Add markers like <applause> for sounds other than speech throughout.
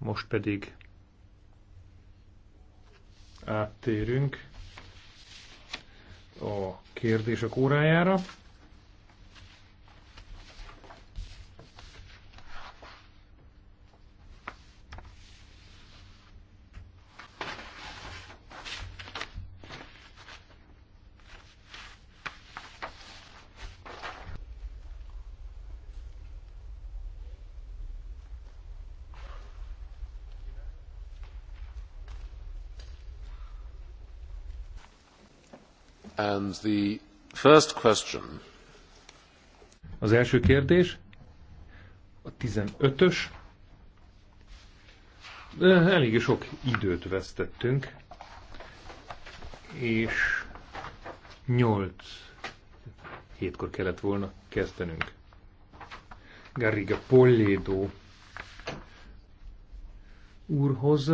Most pedig áttérünk a kérdések órájára. Az első kérdés, a 15-ös. Eléggé sok időt vesztettünk, és 8 hétkor kellett volna kezdenünk. Garriga Polledo úrhoz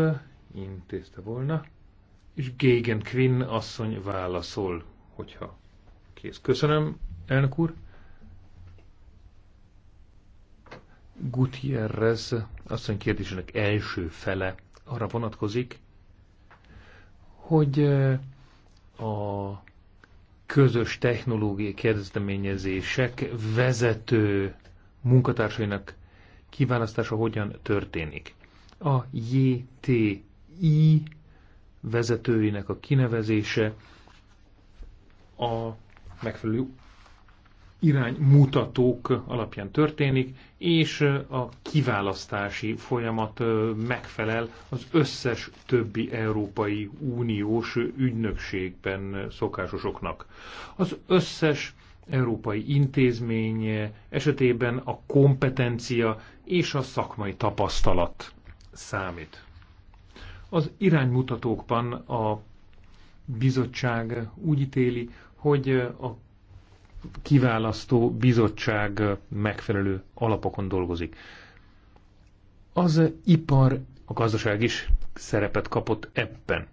intézte volna, és Gégen Quinn asszony válaszol hogyha kész. Köszönöm, elnök úr. Gutierrez mondja, kérdésének első fele arra vonatkozik, hogy eh, a közös technológiai kezdeményezések vezető munkatársainak kiválasztása hogyan történik. A JTI vezetőinek a kinevezése a megfelelő iránymutatók alapján történik, és a kiválasztási folyamat megfelel az összes többi Európai Uniós ügynökségben szokásosoknak. Az összes európai intézmény esetében a kompetencia és a szakmai tapasztalat számít. Az iránymutatókban a bizottság úgy ítéli, hogy a kiválasztó bizottság megfelelő alapokon dolgozik. Az ipar, a gazdaság is szerepet kapott ebben.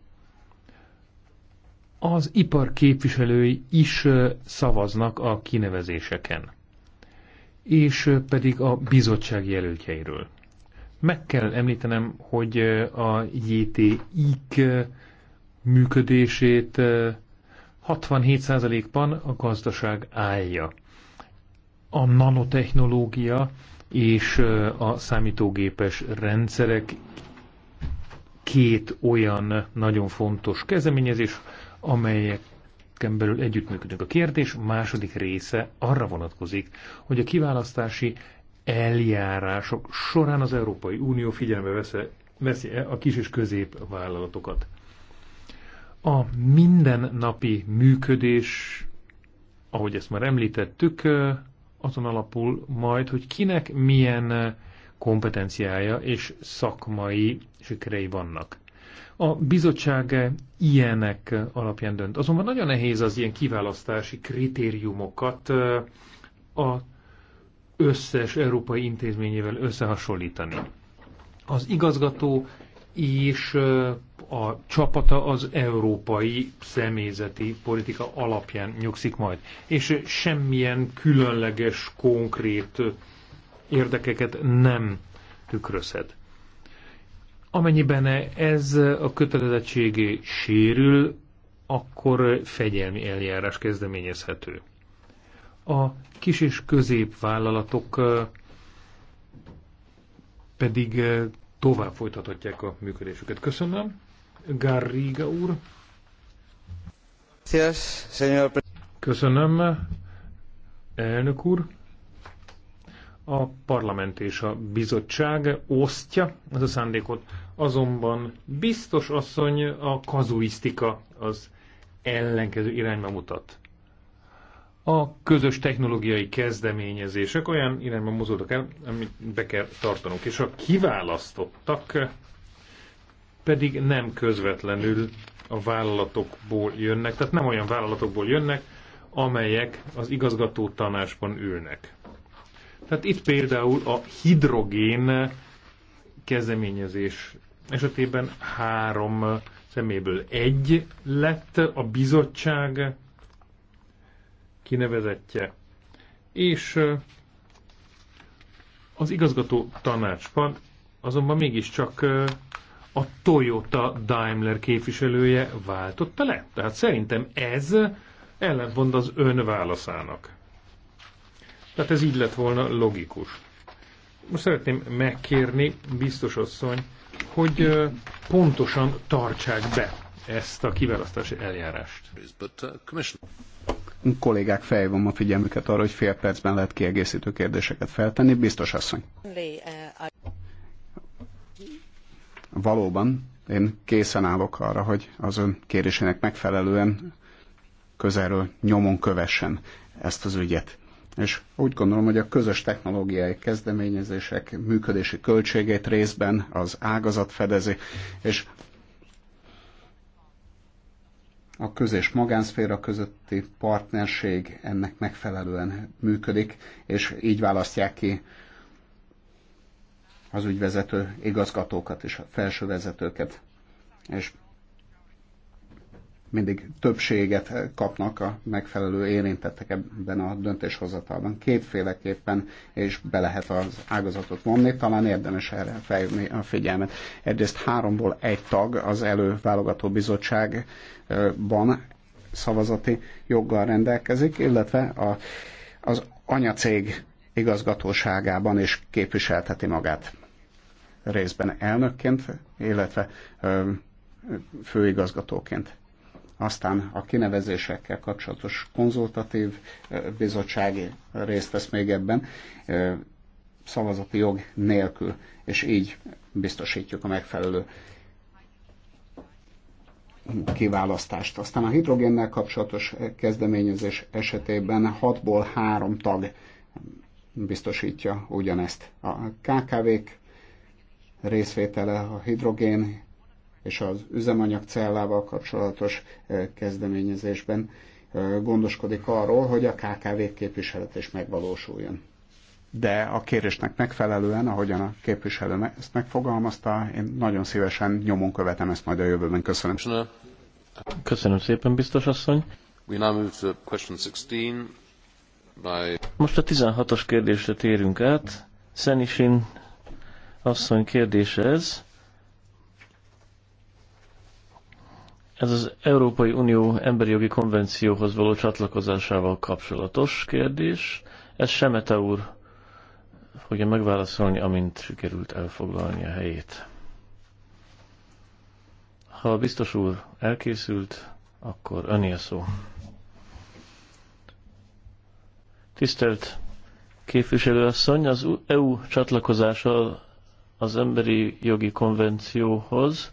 Az ipar képviselői is szavaznak a kinevezéseken, és pedig a bizottság jelöltjeiről. Meg kell említenem, hogy a JTI-k működését 67%-ban a gazdaság állja. A nanotechnológia és a számítógépes rendszerek két olyan nagyon fontos kezdeményezés, amelyek belül együttműködünk. A kérdés második része arra vonatkozik, hogy a kiválasztási eljárások során az Európai Unió figyelme veszi a kis és középvállalatokat. A mindennapi működés, ahogy ezt már említettük, azon alapul majd, hogy kinek milyen kompetenciája és szakmai sikerei vannak. A bizottság ilyenek alapján dönt. Azonban nagyon nehéz az ilyen kiválasztási kritériumokat a összes európai intézményével összehasonlítani. Az igazgató és a csapata az európai személyzeti politika alapján nyugszik majd. És semmilyen különleges, konkrét érdekeket nem tükrözhet. Amennyiben ez a kötelezettségé sérül, akkor fegyelmi eljárás kezdeményezhető. A kis és középvállalatok pedig tovább folytathatják a működésüket. Köszönöm. Garriga úr. Köszönöm, elnök úr. A parlament és a bizottság osztja ez a szándékot, azonban biztos asszony a kazuisztika az ellenkező irányba mutat. A közös technológiai kezdeményezések olyan irányba mozódnak el, amit be kell tartanunk, és a kiválasztottak pedig nem közvetlenül a vállalatokból jönnek, tehát nem olyan vállalatokból jönnek, amelyek az igazgató tanásban ülnek. Tehát itt például a hidrogén kezdeményezés esetében három szeméből egy lett a bizottság kinevezettje, és az igazgató tanácsban azonban mégiscsak a Toyota Daimler képviselője váltotta le. Tehát szerintem ez ellentmond az ön válaszának. Tehát ez így lett volna logikus. Most szeretném megkérni, biztos asszony, hogy pontosan tartsák be ezt a kiválasztási eljárást. Uh, Kollégák fejvom a figyelmüket arra, hogy fél percben lehet kiegészítő kérdéseket feltenni. Biztos asszony. Uh, valóban én készen állok arra, hogy az ön kérésének megfelelően közelről nyomon kövessen ezt az ügyet. És úgy gondolom, hogy a közös technológiai kezdeményezések működési költségét részben az ágazat fedezi, és a köz- és magánszféra közötti partnerség ennek megfelelően működik, és így választják ki az ügyvezető igazgatókat és a felső vezetőket. És mindig többséget kapnak a megfelelő érintettek ebben a döntéshozatalban. Kétféleképpen és be lehet az ágazatot vonni, talán érdemes erre felhívni a figyelmet. Egyrészt háromból egy tag az előválogató bizottságban szavazati joggal rendelkezik, illetve a, az anyacég igazgatóságában is képviselteti magát részben elnökként, illetve főigazgatóként. Aztán a kinevezésekkel kapcsolatos konzultatív bizottsági részt vesz még ebben, szavazati jog nélkül, és így biztosítjuk a megfelelő kiválasztást. Aztán a hidrogénnel kapcsolatos kezdeményezés esetében 6-ból 3 tag biztosítja ugyanezt. A KKV-k részvétele a hidrogén és az üzemanyag cellával kapcsolatos eh, kezdeményezésben eh, gondoskodik arról, hogy a KKV képviselet is megvalósuljon. De a kérésnek megfelelően, ahogyan a képviselő ezt megfogalmazta, én nagyon szívesen nyomon követem ezt majd a jövőben. Köszönöm. Köszönöm szépen, biztos asszony. Most a 16-os kérdésre térünk át. Szenisin asszony kérdése ez. Ez az Európai Unió emberi jogi konvencióhoz való csatlakozásával kapcsolatos kérdés. Ez Semete úr fogja megválaszolni, amint sikerült elfoglalni a helyét. Ha a biztos úr elkészült, akkor öné a szó. Tisztelt képviselőasszony, az EU csatlakozása az emberi jogi konvencióhoz,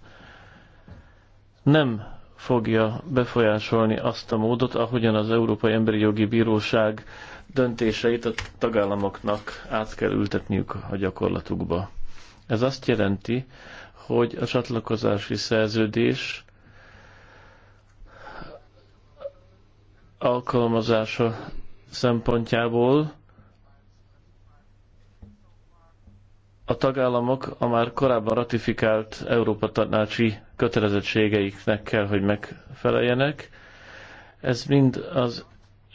nem fogja befolyásolni azt a módot, ahogyan az Európai Emberi Jogi Bíróság döntéseit a tagállamoknak át kell ültetniük a gyakorlatukba. Ez azt jelenti, hogy a csatlakozási szerződés alkalmazása szempontjából a tagállamok a már korábban ratifikált Európa tanácsi kötelezettségeiknek kell, hogy megfeleljenek. Ez mind az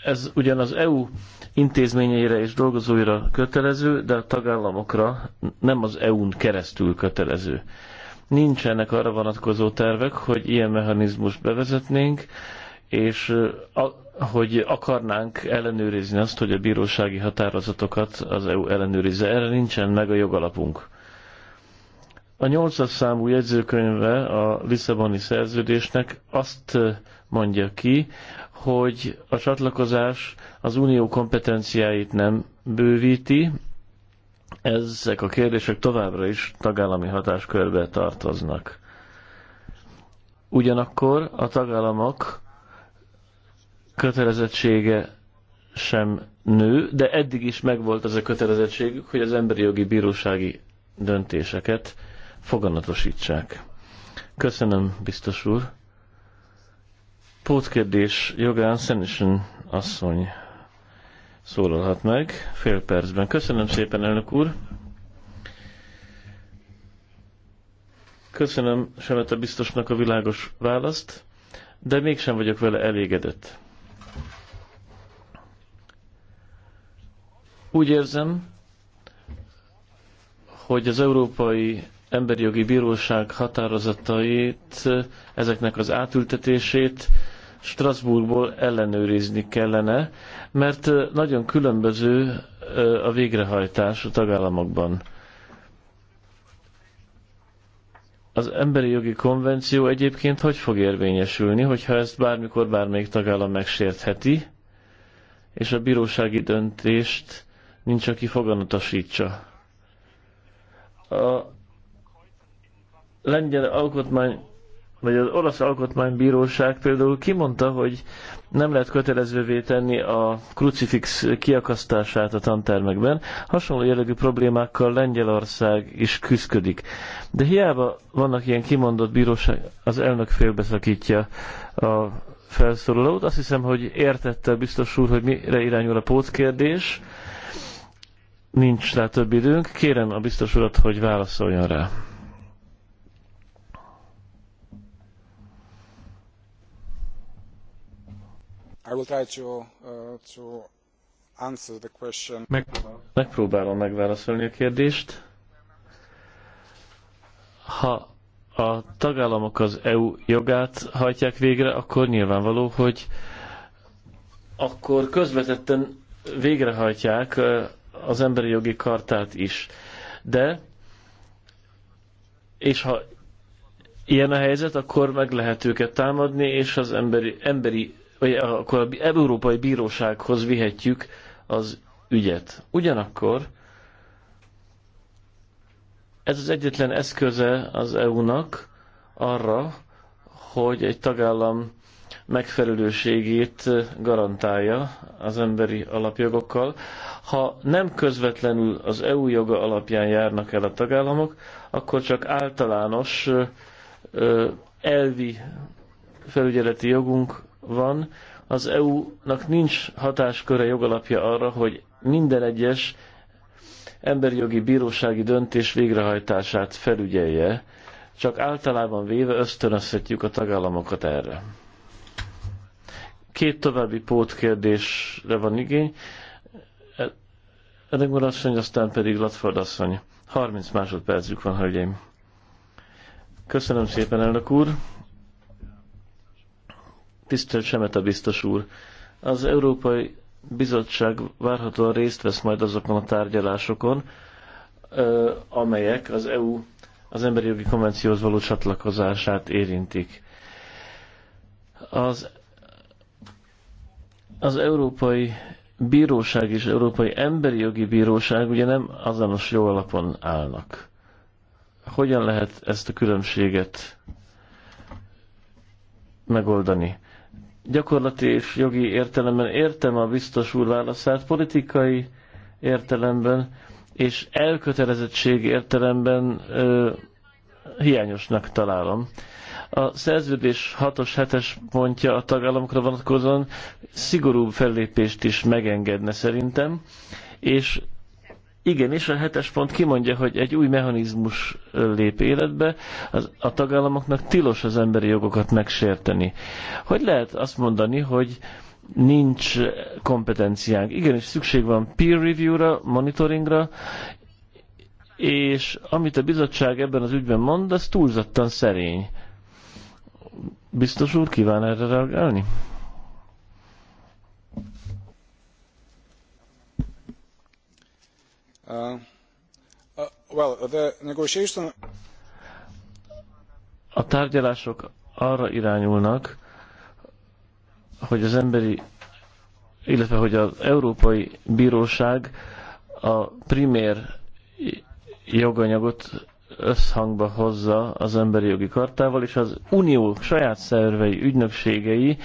ez ugyan az EU intézményeire és dolgozóira kötelező, de a tagállamokra nem az EU-n keresztül kötelező. Nincsenek arra vonatkozó tervek, hogy ilyen mechanizmust bevezetnénk, és hogy akarnánk ellenőrizni azt, hogy a bírósági határozatokat az EU ellenőrizze. Erre nincsen meg a jogalapunk. A nyolcas számú jegyzőkönyve a Lisszaboni szerződésnek azt mondja ki, hogy a csatlakozás az unió kompetenciáit nem bővíti, ezek a kérdések továbbra is tagállami hatáskörbe tartoznak. Ugyanakkor a tagállamok kötelezettsége sem nő, de eddig is megvolt az a kötelezettségük, hogy az emberi jogi bírósági döntéseket foganatosítsák. Köszönöm, biztos úr. Pótkérdés jogán Szenisen asszony szólalhat meg fél percben. Köszönöm szépen, elnök úr. Köszönöm Semete biztosnak a világos választ, de mégsem vagyok vele elégedett Úgy érzem, hogy az Európai Emberi Jogi Bíróság határozatait, ezeknek az átültetését Strasbourgból ellenőrizni kellene, mert nagyon különböző a végrehajtás a tagállamokban. Az emberi jogi konvenció egyébként hogy fog érvényesülni, hogyha ezt bármikor bármelyik tagállam megsértheti, és a bírósági döntést nincs, aki foganatosítsa. A lengyel alkotmány, vagy az olasz alkotmánybíróság például kimondta, hogy nem lehet kötelezővé tenni a krucifix kiakasztását a tantermekben. Hasonló jellegű problémákkal Lengyelország is küzdik. De hiába vannak ilyen kimondott bíróság, az elnök félbeszakítja a felszólalót. Azt hiszem, hogy értette biztos úr, hogy mire irányul a pótkérdés. kérdés Nincs rá több időnk. Kérem a biztos urat, hogy válaszoljon rá. I will try to, uh, to answer the question. Meg, megpróbálom megválaszolni a kérdést. Ha a tagállamok az EU jogát hajtják végre, akkor nyilvánvaló, hogy akkor közvetetten végrehajtják uh, az emberi jogi kartát is. De, és ha ilyen a helyzet, akkor meg lehet őket támadni, és az emberi, emberi vagy akkor az Európai Bírósághoz vihetjük az ügyet. Ugyanakkor ez az egyetlen eszköze az EU-nak arra, hogy egy tagállam megfelelőségét garantálja az emberi alapjogokkal. Ha nem közvetlenül az EU joga alapján járnak el a tagállamok, akkor csak általános elvi felügyeleti jogunk van. Az EU-nak nincs hatásköre jogalapja arra, hogy minden egyes emberi jogi bírósági döntés végrehajtását felügyelje, csak általában véve ösztönözhetjük a tagállamokat erre. Két további pótkérdésre van igény. Edek asszony, aztán pedig Latford asszony. 30 másodpercük van, hölgyeim. Köszönöm szépen, elnök úr. Tisztelt Semeta biztos úr. Az Európai Bizottság várhatóan részt vesz majd azokon a tárgyalásokon, amelyek az EU az emberi jogi konvencióhoz való csatlakozását érintik. Az, az Európai Bíróság és Európai Emberi Jogi Bíróság ugye nem azonos alapon állnak. Hogyan lehet ezt a különbséget megoldani? Gyakorlati és jogi értelemben értem a biztos úr válaszát, politikai értelemben és elkötelezettség értelemben ö, hiányosnak találom. A szerződés 6-os, 7-es pontja a tagállamokra vonatkozóan szigorúbb fellépést is megengedne szerintem, és igen, és a hetes pont kimondja, hogy egy új mechanizmus lép életbe, az, a tagállamoknak tilos az emberi jogokat megsérteni. Hogy lehet azt mondani, hogy nincs kompetenciánk? Igenis szükség van peer review-ra, monitoringra, és amit a bizottság ebben az ügyben mond, az túlzottan szerény. Biztos úr kíván erre reagálni? Uh, uh, well, the negotiation... A tárgyalások arra irányulnak, hogy az emberi, illetve hogy az Európai Bíróság a primér joganyagot összhangba hozza az emberi jogi kartával, és az unió saját szervei, ügynökségei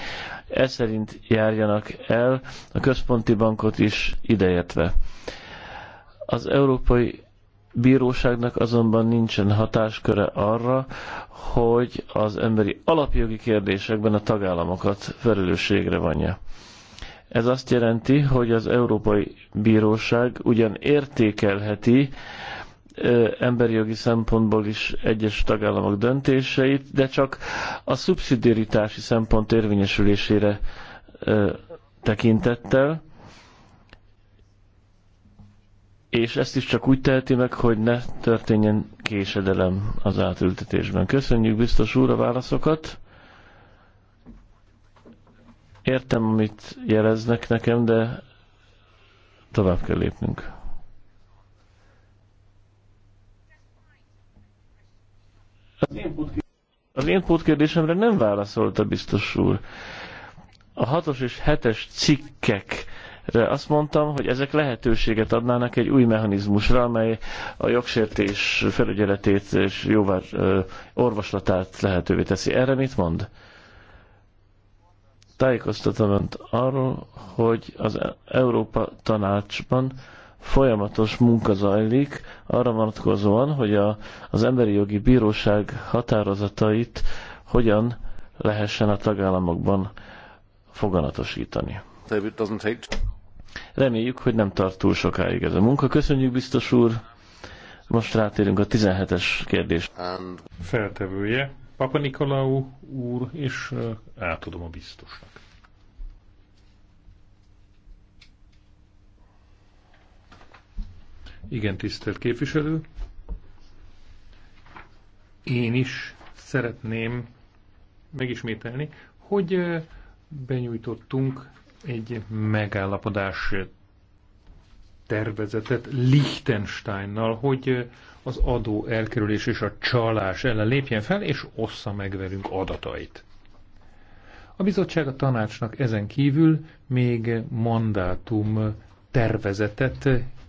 e szerint járjanak el, a központi bankot is ideértve. Az Európai Bíróságnak azonban nincsen hatásköre arra, hogy az emberi alapjogi kérdésekben a tagállamokat felelősségre vonja. Ez azt jelenti, hogy az Európai Bíróság ugyan értékelheti emberi jogi szempontból is egyes tagállamok döntéseit, de csak a szubszidiaritási szempont érvényesülésére tekintettel, és ezt is csak úgy teheti meg, hogy ne történjen késedelem az átültetésben. Köszönjük biztos úr a válaszokat. Értem, amit jeleznek nekem, de tovább kell lépnünk. Az input, kérdésemre nem válaszolta biztos úr. A hatos és hetes cikkek azt mondtam, hogy ezek lehetőséget adnának egy új mechanizmusra, amely a jogsértés felügyeletét és jóvár orvoslatát lehetővé teszi. Erre mit mond? Tájékoztatom önt arról, hogy az Európa Tanácsban folyamatos munka zajlik arra vonatkozóan, hogy a, az Emberi Jogi Bíróság határozatait hogyan lehessen a tagállamokban foganatosítani. Reméljük, hogy nem tart túl sokáig ez a munka. Köszönjük, biztos úr! Most rátérünk a 17-es kérdés. Feltevője, Papa Nikolau úr, és átadom a biztosnak. Igen, tisztelt képviselő. Én is szeretném megismételni, hogy eh, benyújtottunk egy megállapodás tervezetet Liechtensteinnal, hogy eh, az adó elkerülés és a csalás ellen lépjen fel, és ossza meg velünk adatait. A bizottság a tanácsnak ezen kívül még mandátum tervezetet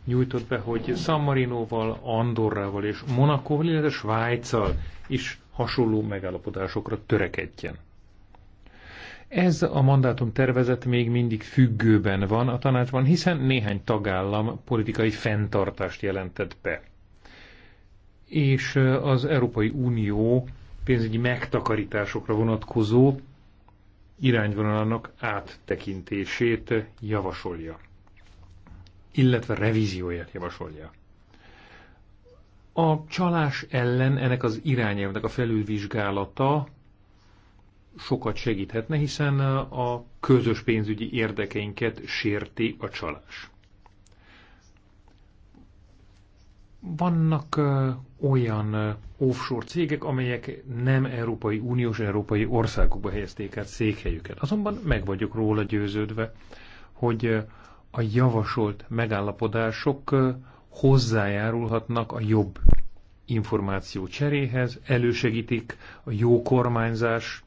nyújtott be, hogy San Marinoval, Andorrával és Monakóval, illetve Svájccal is hasonló megállapodásokra törekedjen. Ez a mandátum tervezet még mindig függőben van a tanácsban, hiszen néhány tagállam politikai fenntartást jelentett be. És az Európai Unió pénzügyi megtakarításokra vonatkozó irányvonalának áttekintését javasolja illetve revízióját javasolja. A csalás ellen ennek az irányelvnek a felülvizsgálata sokat segíthetne, hiszen a közös pénzügyi érdekeinket sérti a csalás. Vannak olyan offshore cégek, amelyek nem Európai Uniós, Európai országokba helyezték át székhelyüket. Azonban meg vagyok róla győződve, hogy a javasolt megállapodások hozzájárulhatnak a jobb információ cseréhez, elősegítik a jó kormányzás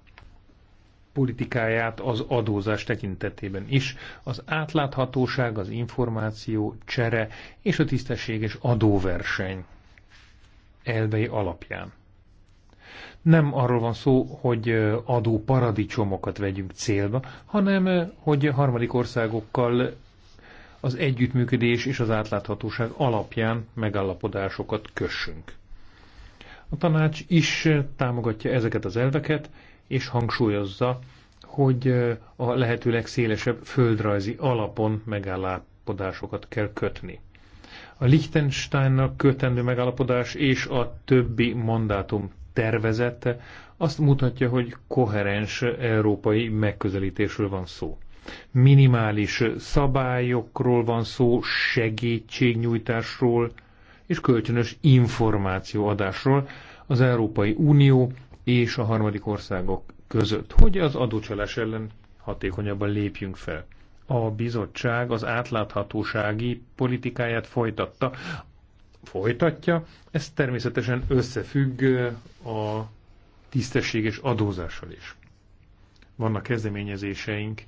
politikáját az adózás tekintetében is. Az átláthatóság, az információ csere és a tisztességes adóverseny elvei alapján. Nem arról van szó, hogy adó paradicsomokat vegyünk célba, hanem hogy harmadik országokkal az együttműködés és az átláthatóság alapján megállapodásokat kössünk. A tanács is támogatja ezeket az elveket, és hangsúlyozza, hogy a lehető legszélesebb földrajzi alapon megállapodásokat kell kötni. A Liechtensteinnak kötendő megállapodás és a többi mandátum tervezete azt mutatja, hogy koherens európai megközelítésről van szó. Minimális szabályokról van szó, segítségnyújtásról és kölcsönös információadásról az Európai Unió és a harmadik országok között, hogy az adócsalás ellen hatékonyabban lépjünk fel. A bizottság az átláthatósági politikáját folytatta, folytatja, ez természetesen összefügg a tisztességes adózással is. Vannak kezdeményezéseink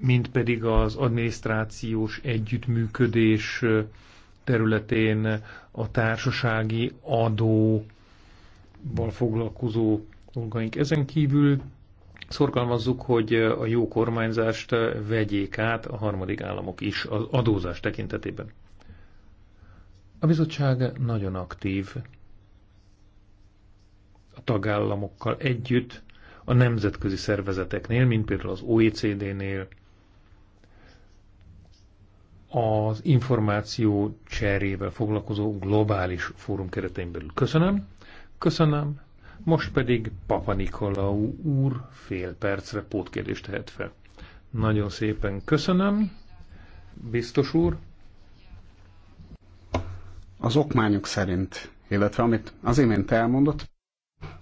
mint pedig az adminisztrációs együttműködés területén a társasági adóval foglalkozó dolgaink. Ezen kívül szorgalmazzuk, hogy a jó kormányzást vegyék át a harmadik államok is az adózás tekintetében. A bizottság nagyon aktív a tagállamokkal együtt a nemzetközi szervezeteknél, mint például az OECD-nél, az információ cserével foglalkozó globális fórum keretein belül. Köszönöm, köszönöm, most pedig Papa Nikolau úr fél percre pótkérdést tehet fel. Nagyon szépen köszönöm, biztos úr. Az okmányok szerint, illetve amit az imént elmondott,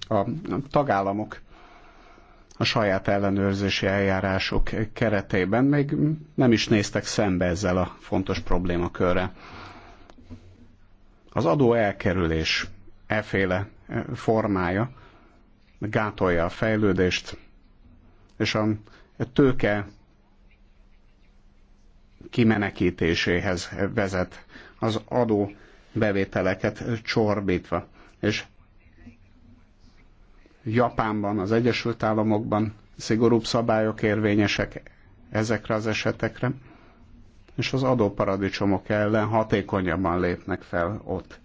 a tagállamok a saját ellenőrzési eljárások keretében még nem is néztek szembe ezzel a fontos problémakörrel. Az adó elkerülés eféle e, formája gátolja a fejlődést, és a tőke kimenekítéséhez vezet az adó bevételeket csorbítva. És Japánban, az Egyesült Államokban szigorúbb szabályok érvényesek ezekre az esetekre, és az adóparadicsomok ellen hatékonyabban lépnek fel ott.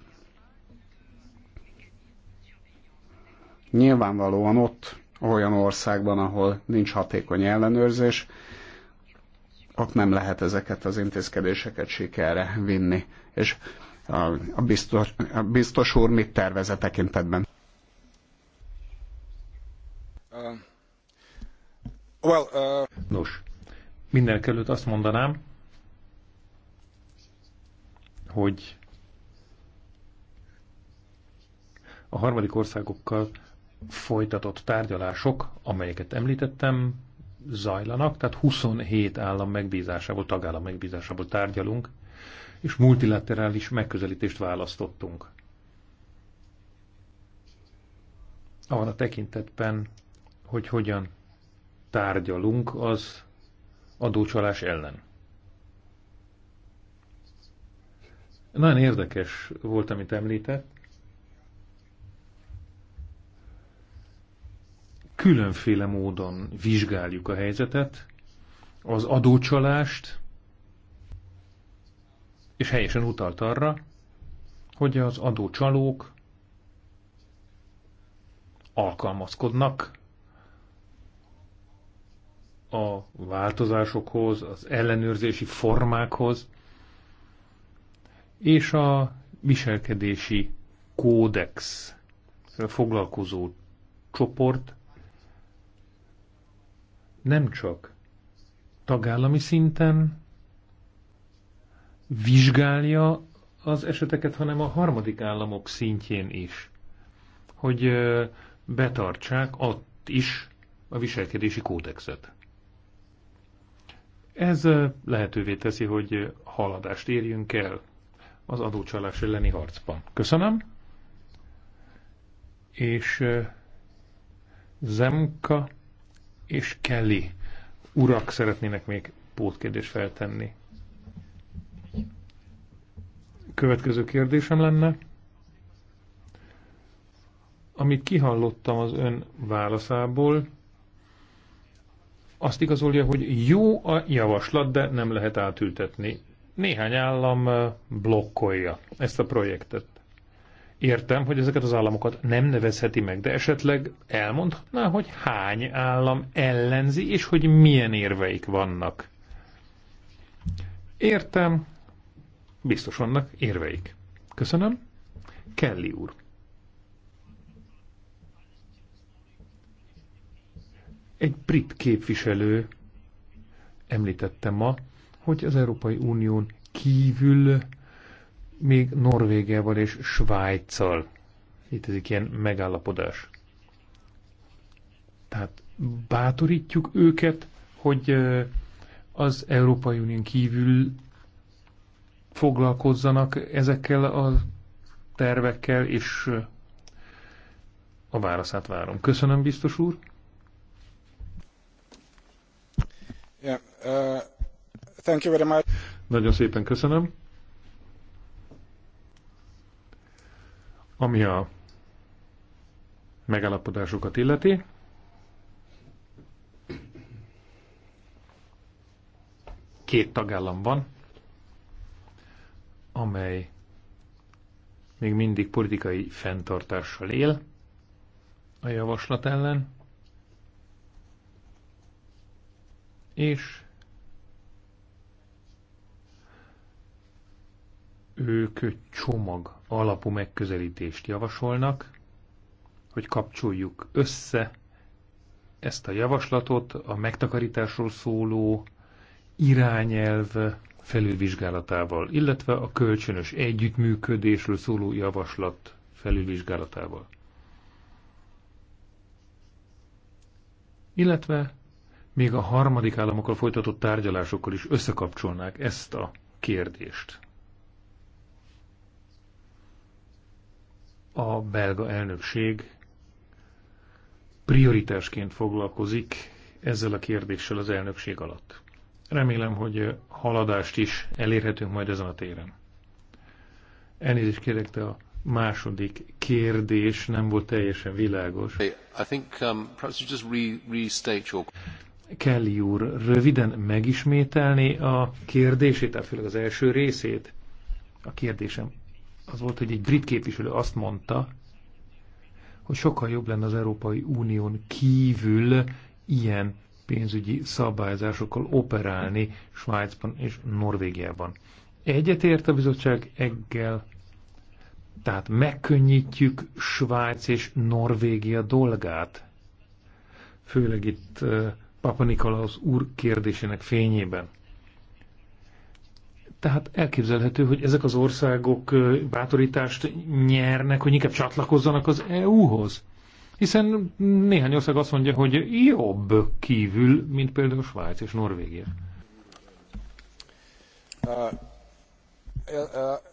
Nyilvánvalóan ott, olyan országban, ahol nincs hatékony ellenőrzés, ott nem lehet ezeket az intézkedéseket sikerre vinni. És a biztos, a biztos úr mit tervez a tekintetben? Uh, uh, Nos, mindenek előtt azt mondanám, hogy a harmadik országokkal folytatott tárgyalások, amelyeket említettem, zajlanak, tehát 27 állam megbízásából, tagállam megbízásából tárgyalunk, és multilaterális megközelítést választottunk. A tekintetben, hogy hogyan tárgyalunk az adócsalás ellen. Nagyon érdekes volt, amit említett. Különféle módon vizsgáljuk a helyzetet, az adócsalást, és helyesen utalt arra, hogy az adócsalók alkalmazkodnak a változásokhoz, az ellenőrzési formákhoz, és a viselkedési kódex foglalkozó csoport nem csak tagállami szinten vizsgálja az eseteket, hanem a harmadik államok szintjén is, hogy betartsák ott is a viselkedési kódexet. Ez lehetővé teszi, hogy haladást érjünk el az adócsalás elleni harcban. Köszönöm. És Zemka és Kelly urak szeretnének még pótkérdést feltenni. Következő kérdésem lenne. Amit kihallottam az ön válaszából, azt igazolja, hogy jó a javaslat, de nem lehet átültetni. Néhány állam eh, blokkolja ezt a projektet. Értem, hogy ezeket az államokat nem nevezheti meg, de esetleg elmondhatná, hogy hány állam ellenzi, és hogy milyen érveik vannak. Értem, biztos vannak érveik. Köszönöm. Kelly úr. Egy brit képviselő említette ma, hogy az Európai Unión kívül még Norvégiával és Svájccal létezik ilyen megállapodás. Tehát bátorítjuk őket, hogy az Európai Unión kívül foglalkozzanak ezekkel a tervekkel, és a válaszát várom. Köszönöm, biztos úr! Yeah, uh, thank you very much. Nagyon szépen köszönöm. Ami a megállapodásokat illeti, két tagállam van, amely még mindig politikai fenntartással él a javaslat ellen. és ők csomag alapú megközelítést javasolnak, hogy kapcsoljuk össze ezt a javaslatot a megtakarításról szóló irányelv felülvizsgálatával, illetve a kölcsönös együttműködésről szóló javaslat felülvizsgálatával. Illetve még a harmadik államokkal folytatott tárgyalásokkal is összekapcsolnák ezt a kérdést. A belga elnökség prioritásként foglalkozik ezzel a kérdéssel az elnökség alatt. Remélem, hogy haladást is elérhetünk majd ezen a téren. Elnézést kérek, de a második kérdés nem volt teljesen világos. I think, um, Kelly úr röviden megismételni a kérdését, tehát főleg az első részét? A kérdésem az volt, hogy egy brit képviselő azt mondta, hogy sokkal jobb lenne az Európai Unión kívül ilyen pénzügyi szabályozásokkal operálni Svájcban és Norvégiában. Egyetért a bizottság eggel, tehát megkönnyítjük Svájc és Norvégia dolgát. Főleg itt Papa Nikolaus úr kérdésének fényében. Tehát elképzelhető, hogy ezek az országok bátorítást nyernek, hogy inkább csatlakozzanak az EU-hoz. Hiszen néhány ország azt mondja, hogy jobb kívül, mint például Svájc és Norvégia. Uh, uh,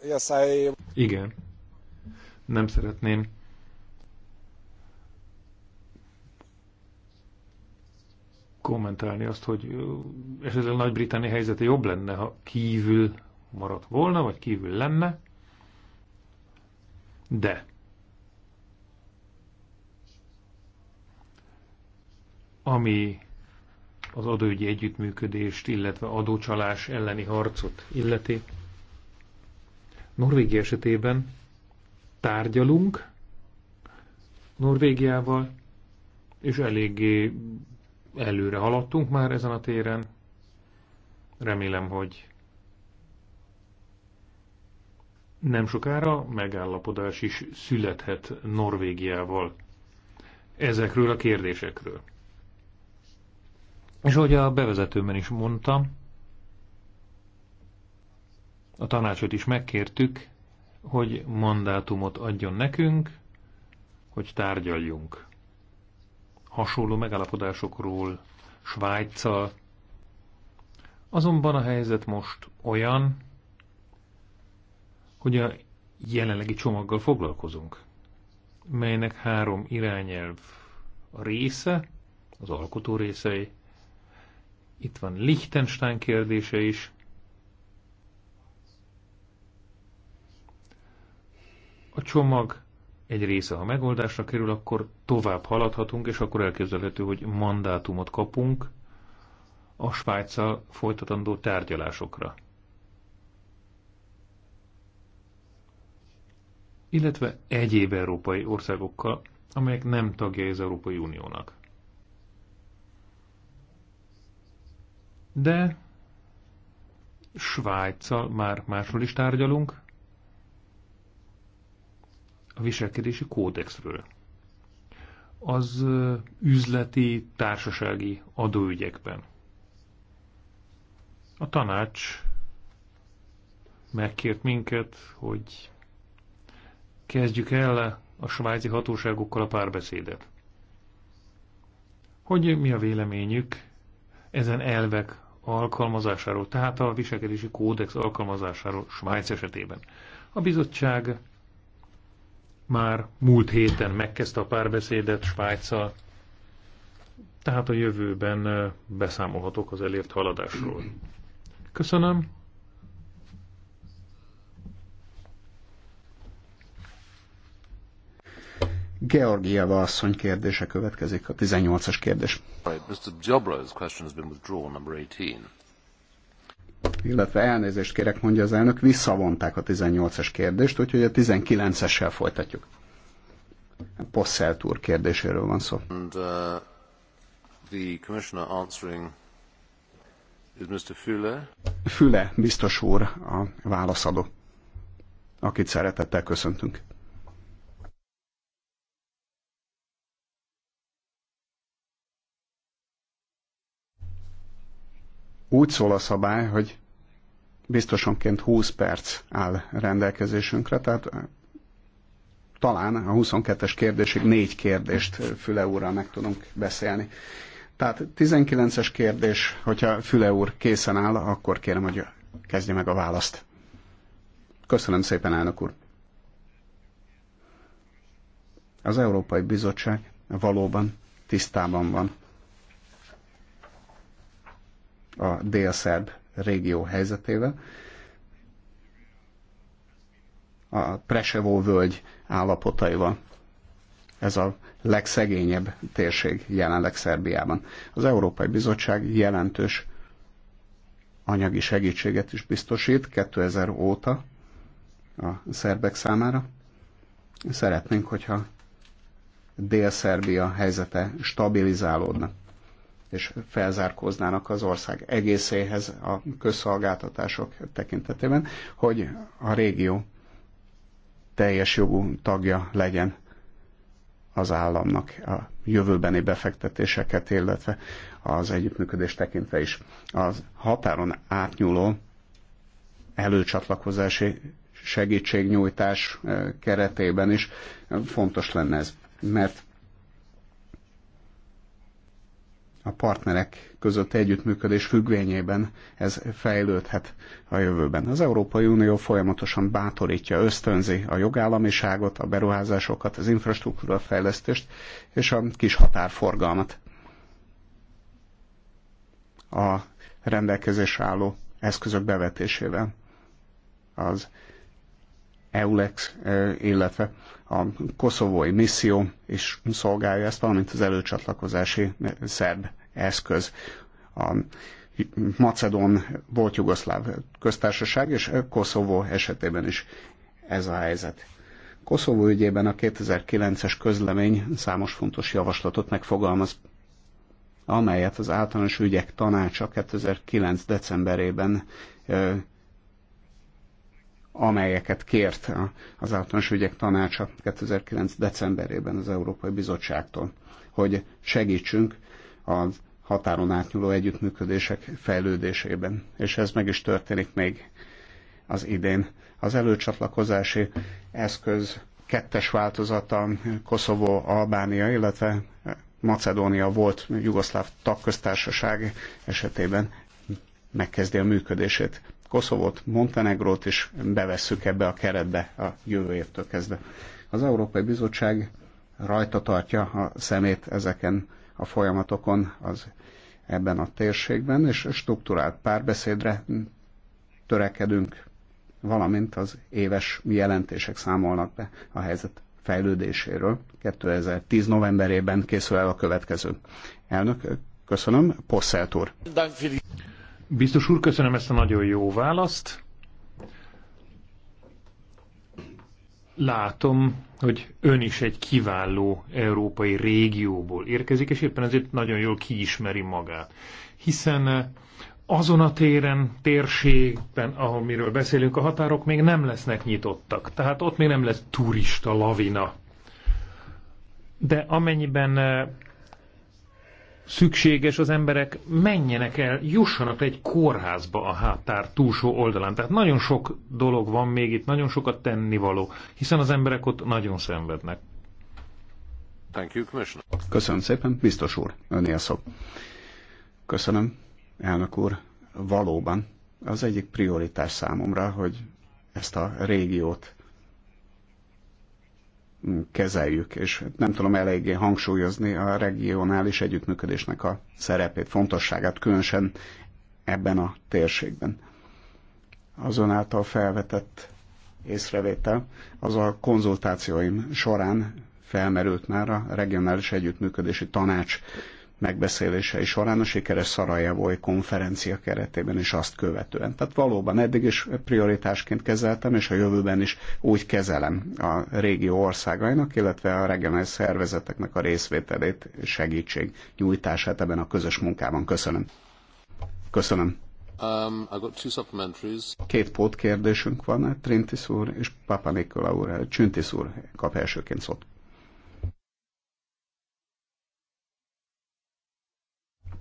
uh yes, I... Igen. Nem szeretném kommentálni azt, hogy esetleg Nagy-Britannia helyzete jobb lenne, ha kívül maradt volna, vagy kívül lenne, de ami az adóügyi együttműködést, illetve adócsalás elleni harcot illeti. Norvégia esetében tárgyalunk Norvégiával, és eléggé előre haladtunk már ezen a téren. Remélem, hogy nem sokára megállapodás is születhet Norvégiával ezekről a kérdésekről. És ahogy a bevezetőben is mondtam, a tanácsot is megkértük, hogy mandátumot adjon nekünk, hogy tárgyaljunk hasonló megállapodásokról Svájccal. Azonban a helyzet most olyan, hogy a jelenlegi csomaggal foglalkozunk, melynek három irányelv a része, az alkotó részei, itt van Liechtenstein kérdése is, a csomag egy része, ha megoldásra kerül, akkor tovább haladhatunk, és akkor elképzelhető, hogy mandátumot kapunk a Svájccal folytatandó tárgyalásokra. Illetve egyéb európai országokkal, amelyek nem tagjai az Európai Uniónak. De Svájccal már másról is tárgyalunk, a viselkedési kódexről. Az üzleti, társasági adóügyekben. A tanács megkért minket, hogy kezdjük el a svájci hatóságokkal a párbeszédet. Hogy mi a véleményük ezen elvek alkalmazásáról, tehát a viselkedési kódex alkalmazásáról Svájc esetében. A bizottság már múlt héten megkezdte a párbeszédet Svájccal, tehát a jövőben beszámolhatok az elért haladásról. Köszönöm. Georgieva asszony kérdése következik, a 18-as kérdés. Right, Mr. Jobro's question has been withdrawn, number 18 illetve elnézést kérek, mondja az elnök, visszavonták a 18-es kérdést, úgyhogy a 19-essel folytatjuk. Posselt túr kérdéséről van szó. And, uh, the commissioner answering is Mr. Füle. Füle, biztos úr, a válaszadó, akit szeretettel köszöntünk. Úgy szól a szabály, hogy biztosanként 20 perc áll rendelkezésünkre, tehát eh, talán a 22-es kérdésig négy kérdést eh, Füle úrral meg tudunk beszélni. Tehát 19-es kérdés, hogyha Füle úr készen áll, akkor kérem, hogy kezdje meg a választ. Köszönöm szépen, elnök úr. Az Európai Bizottság valóban tisztában van a délszerb régió helyzetével. A Presevó völgy állapotaival. Ez a legszegényebb térség jelenleg Szerbiában. Az Európai Bizottság jelentős anyagi segítséget is biztosít 2000 óta a szerbek számára. Szeretnénk, hogyha Dél-Szerbia helyzete stabilizálódna és felzárkóznának az ország egészéhez a közszolgáltatások tekintetében, hogy a régió teljes jogú tagja legyen az államnak a jövőbeni befektetéseket, illetve az együttműködés tekintve is. Az határon átnyúló előcsatlakozási segítségnyújtás eh, keretében is eh, fontos lenne ez, mert a partnerek között együttműködés függvényében ez fejlődhet a jövőben. Az Európai Unió folyamatosan bátorítja, ösztönzi a jogállamiságot, a beruházásokat, az infrastruktúra fejlesztést és a kis határforgalmat. A rendelkezésre álló eszközök bevetésével az EULEX, eh, illetve a koszovói misszió is szolgálja ezt, valamint az előcsatlakozási eh, szerb eszköz. A Macedón volt Jugoszláv köztársaság, és eh, Koszovó esetében is ez a helyzet. Koszovó ügyében a 2009-es közlemény számos fontos javaslatot megfogalmaz, amelyet az általános ügyek tanácsa 2009. decemberében amelyeket kért az általános ügyek tanácsa 2009. decemberében az Európai Bizottságtól, hogy segítsünk az határon átnyúló együttműködések fejlődésében. És ez meg is történik még az idén. Az előcsatlakozási eszköz kettes változata Koszovó, Albánia, illetve Macedónia volt Jugoszláv tagköztársaság esetében megkezdi a működését. Koszovót, Montenegrót is bevesszük ebbe a keretbe a jövő évtől kezdve. Az Európai Bizottság rajta tartja a szemét ezeken a folyamatokon az ebben a térségben, és struktúrált párbeszédre törekedünk, valamint az éves jelentések számolnak be a helyzet fejlődéséről. 2010 novemberében készül el a következő. Elnök, köszönöm. Posselt úr. Biztos úr, köszönöm ezt a nagyon jó választ. Látom, hogy ön is egy kiváló európai régióból érkezik, és éppen ezért nagyon jól kiismeri magát. Hiszen eh, azon a téren, térségben, ahol miről beszélünk, a határok még nem lesznek nyitottak. Tehát ott még nem lesz turista lavina. De amennyiben eh, szükséges az emberek menjenek el, jussanak egy kórházba a hátár túlsó oldalán. Tehát nagyon sok dolog van még itt, nagyon sokat tennivaló, hiszen az emberek ott nagyon szenvednek. Köszönöm szépen, biztos úr, önél szok. Köszönöm, elnök úr. Valóban az egyik prioritás számomra, hogy ezt a régiót kezeljük, és nem tudom eléggé hangsúlyozni a regionális együttműködésnek a szerepét, fontosságát, különösen ebben a térségben. Azon által felvetett észrevétel, az a konzultációim során felmerült már a regionális együttműködési tanács megbeszélései során a sikeres Szarajevoly konferencia keretében is azt követően. Tehát valóban eddig is prioritásként kezeltem, és a jövőben is úgy kezelem a régió országainak, illetve a regionális szervezeteknek a részvételét, segítség nyújtását ebben a közös munkában. Köszönöm. Köszönöm. Um, I got two supplementaries. Két pótkérdésünk van, Trintis úr és Papa Nikola úr, Csüntis úr kap elsőként szót.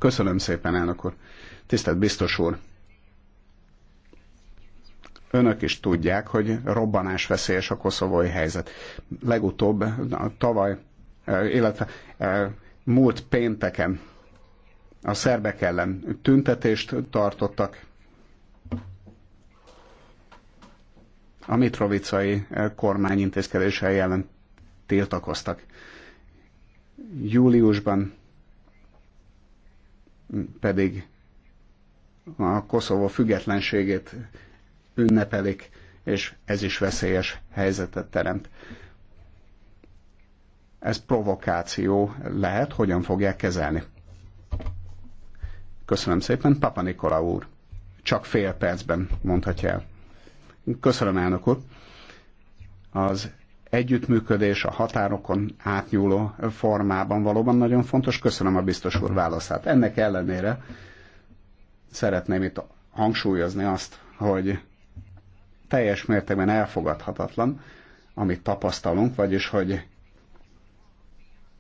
Köszönöm szépen, elnök úr. Tisztelt biztos úr! Önök is tudják, hogy robbanásveszélyes a koszovói helyzet. Legutóbb, tavaly, eh, illetve eh, múlt pénteken a szerbek ellen tüntetést tartottak. A mitrovicai eh, kormány intézkedései ellen tiltakoztak. Júliusban pedig a Koszovó függetlenségét ünnepelik, és ez is veszélyes helyzetet teremt. Ez provokáció lehet, hogyan fogják kezelni. Köszönöm szépen, Papa Nikola úr. Csak fél percben mondhatja el. Köszönöm, elnök úr. Az együttműködés a határokon átnyúló formában valóban nagyon fontos. Köszönöm a biztos úr válaszát. Ennek ellenére szeretném itt hangsúlyozni azt, hogy teljes mértékben elfogadhatatlan, amit tapasztalunk, vagyis hogy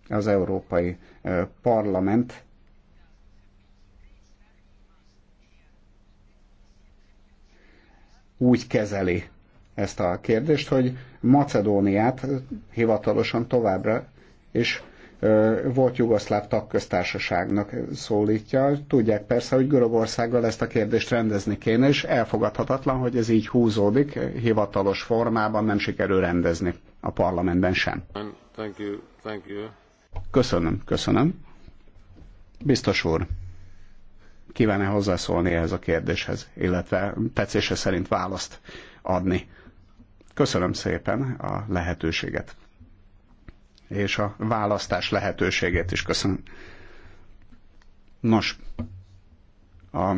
az Európai Parlament úgy kezeli ezt a kérdést, hogy Macedóniát hivatalosan továbbra és volt jugoszláv tagköztársaságnak szólítja. Tudják persze, hogy Görögországgal ezt a kérdést rendezni kéne, és elfogadhatatlan, hogy ez így húzódik, hivatalos formában nem sikerül rendezni a parlamentben sem. Thank you. Thank you. Köszönöm, köszönöm. Biztos úr, kíván-e hozzászólni ehhez a kérdéshez, illetve tetszése szerint választ adni Köszönöm szépen a lehetőséget. És a választás lehetőségét is köszönöm. Nos, a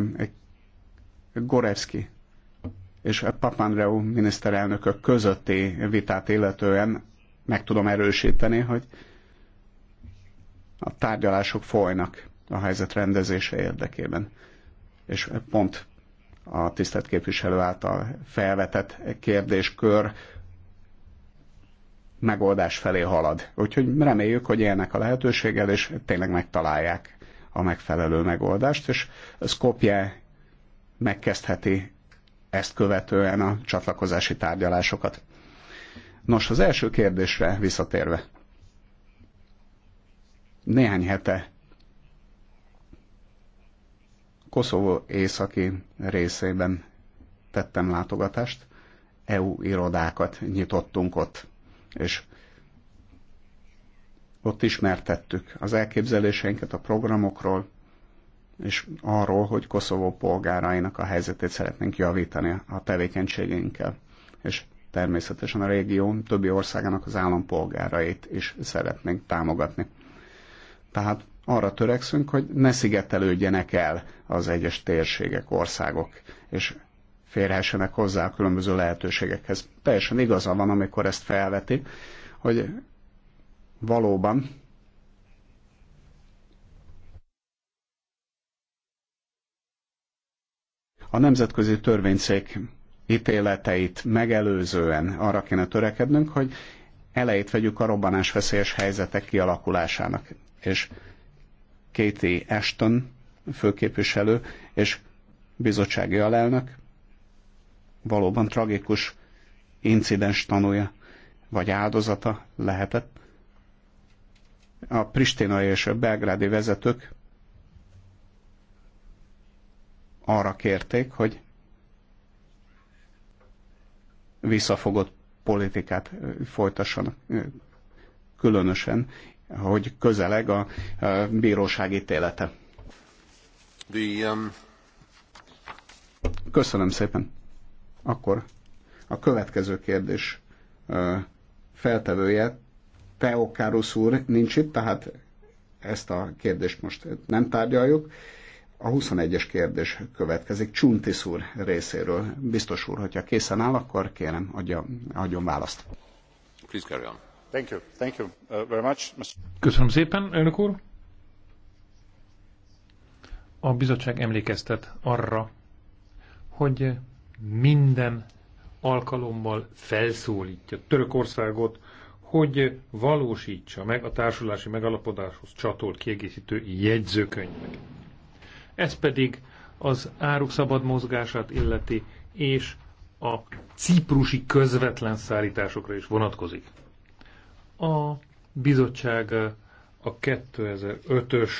Gorevski és a Papandreou miniszterelnökök közötti vitát illetően meg tudom erősíteni, hogy a tárgyalások folynak a helyzet rendezése érdekében. És pont a tisztelt képviselő által felvetett kérdéskör megoldás felé halad. Úgyhogy reméljük, hogy élnek a lehetőséggel, és tényleg megtalálják a megfelelő megoldást, és Skopje megkezdheti ezt követően a csatlakozási tárgyalásokat. Nos, az első kérdésre visszatérve. Néhány hete Koszovó északi részében tettem látogatást, EU irodákat nyitottunk ott, és ott ismertettük az elképzeléseinket a programokról, és arról, hogy Koszovó polgárainak a helyzetét szeretnénk javítani a tevékenységénkkel, És természetesen a régió többi országának az állampolgárait is szeretnénk támogatni. Tehát arra törekszünk, hogy ne szigetelődjenek el az egyes térségek, országok, és férhessenek hozzá a különböző lehetőségekhez. Teljesen igaza van, amikor ezt felveti, hogy valóban a nemzetközi törvényszék ítéleteit megelőzően arra kéne törekednünk, hogy elejét vegyük a robbanásveszélyes helyzetek kialakulásának, és Katie Ashton főképviselő és bizottsági alelnök valóban tragikus incidens tanúja vagy áldozata lehetett. A pristinai és a belgrádi vezetők arra kérték, hogy visszafogott politikát folytassanak, különösen hogy közeleg a bíróság ítélete. The, um... Köszönöm szépen. Akkor a következő kérdés feltevője, Károsz úr nincs itt, tehát ezt a kérdést most nem tárgyaljuk. A 21-es kérdés következik Csuntis úr részéről. Biztos úr, hogyha készen áll, akkor kérem, adja, adjon választ. Please carry on. Thank you. Thank you uh, very much. Köszönöm szépen, elnök úr. A bizottság emlékeztet arra, hogy minden alkalommal felszólítja Törökországot, hogy valósítsa meg a társulási megalapodáshoz csatolt kiegészítő jegyzőkönyvet. Ez pedig az áruk szabad mozgását illeti, és a ciprusi közvetlen szállításokra is vonatkozik. A bizottság a 2005-ös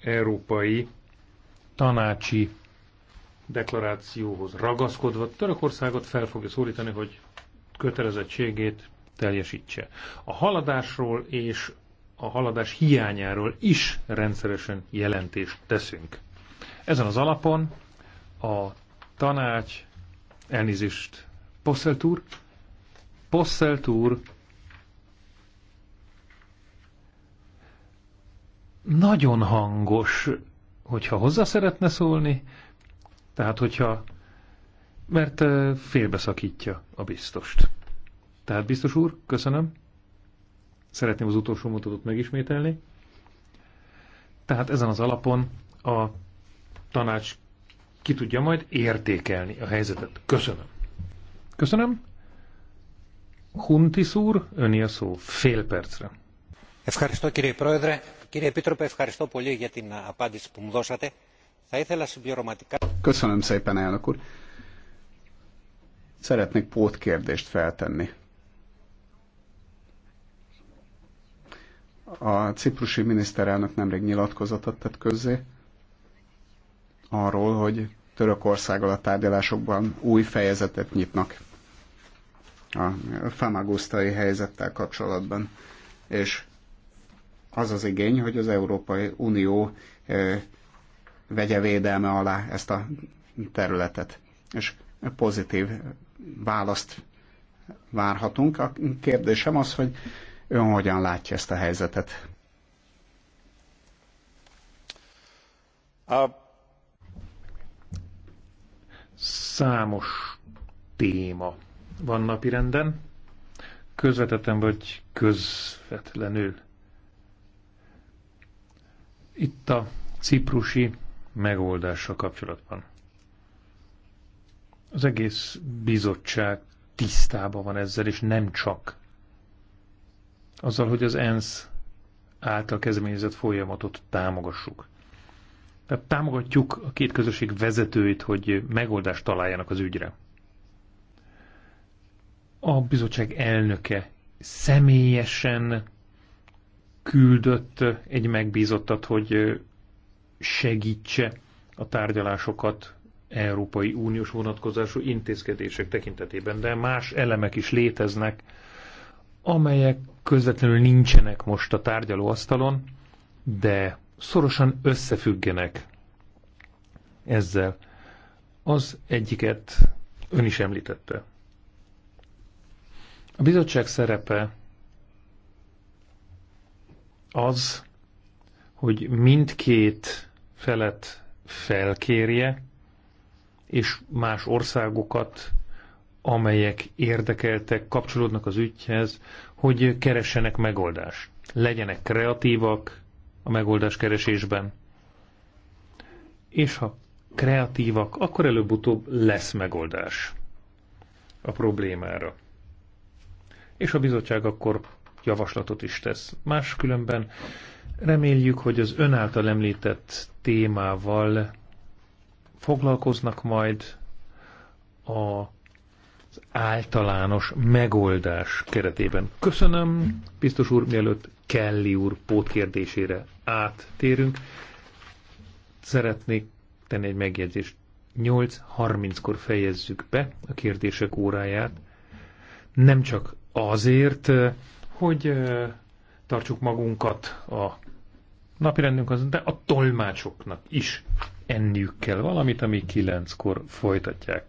európai tanácsi deklarációhoz ragaszkodva Törökországot fel fogja szólítani, hogy kötelezettségét teljesítse. A haladásról és a haladás hiányáról is rendszeresen jelentést teszünk. Ezen az alapon a tanács, elnézést, Posseltúr, Posseltúr nagyon hangos, hogyha hozzá szeretne szólni, tehát hogyha, mert félbeszakítja a biztost. Tehát biztos úr, köszönöm. Szeretném az utolsó mondatot megismételni. Tehát ezen az alapon a tanács ki tudja majd értékelni a helyzetet. Köszönöm. Köszönöm. Huntis úr, öni a szó fél percre κύριε πρόεδρε κύριε επίτροπε ευχαριστώ πολύ για την απάντηση που μου δώσατε. θα ήθελα συμπληρωματικά. szeretnék pótkérdést feltenni. A ciprusi miniszterelnök nemrég nyilatkozatot tett közzé arról, hogy Törökországgal a tárgyalásokban új fejezetet nyitnak a famagusztai helyzettel kapcsolatban. És az az igény, hogy az Európai Unió vegye védelme alá ezt a területet. És pozitív választ várhatunk. A kérdésem az, hogy ön hogyan látja ezt a helyzetet? A... Számos téma van napirenden, közvetetten vagy közvetlenül. Itt a ciprusi megoldással kapcsolatban. Az egész bizottság tisztában van ezzel, és nem csak azzal, hogy az ENSZ által kezdeményezett folyamatot támogassuk. Tehát támogatjuk a két közösség vezetőit, hogy megoldást találjanak az ügyre. A bizottság elnöke személyesen küldött egy megbízottat, hogy segítse a tárgyalásokat Európai Uniós vonatkozású intézkedések tekintetében, de más elemek is léteznek, amelyek közvetlenül nincsenek most a tárgyalóasztalon, de szorosan összefüggenek ezzel. Az egyiket ön is említette. A bizottság szerepe az, hogy mindkét felet felkérje, és más országokat, amelyek érdekeltek, kapcsolódnak az ügyhez, hogy keressenek megoldást. Legyenek kreatívak a megoldás keresésben. És ha kreatívak, akkor előbb-utóbb lesz megoldás a problémára. És a bizottság akkor javaslatot is tesz. Máskülönben reméljük, hogy az ön által említett témával foglalkoznak majd a az általános megoldás keretében. Köszönöm, biztos úr, mielőtt Kelly úr pótkérdésére áttérünk. Szeretnék tenni egy megjegyzést. 8.30-kor fejezzük be a kérdések óráját. Nem csak azért, hogy tartsuk magunkat a rendünk de a tolmácsoknak is enniük kell valamit, ami kilenckor folytatják.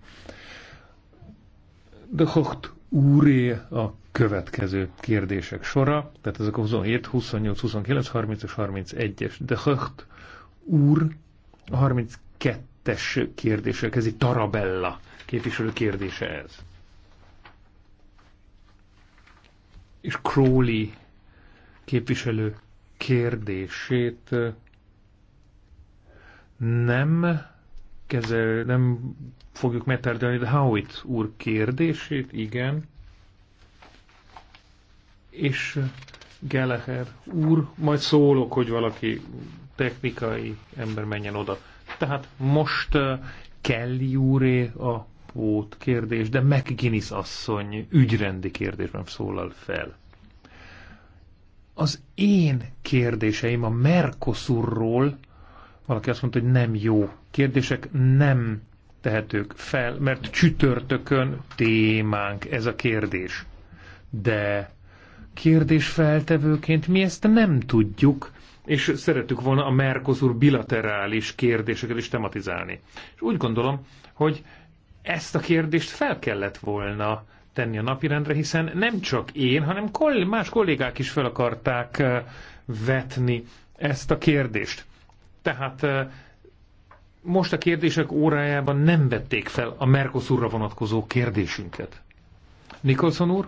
De Hocht úré a következő kérdések sora, tehát ezek a 27, 28, 29, 30 és 31-es. De Hocht úr a 32-es ez egy Tarabella képviselő kérdése ez. és Crowley képviselő kérdését nem kezel, nem fogjuk megtárgyalni, de Howitt úr kérdését, igen. És Geleher úr, majd szólok, hogy valaki technikai ember menjen oda. Tehát most Kelly úré a kvót kérdés, de McGuinness asszony ügyrendi kérdésben szólal fel. Az én kérdéseim a Mercosurról, valaki azt mondta, hogy nem jó kérdések, nem tehetők fel, mert csütörtökön témánk ez a kérdés. De kérdésfeltevőként mi ezt nem tudjuk, és szerettük volna a Mercosur bilaterális kérdéseket is tematizálni. És úgy gondolom, hogy ezt a kérdést fel kellett volna tenni a napirendre, hiszen nem csak én, hanem más kollégák is fel akarták eh, vetni ezt a kérdést. Tehát eh, most a kérdések órájában nem vették fel a Mercosurra vonatkozó kérdésünket. Nikolson úr?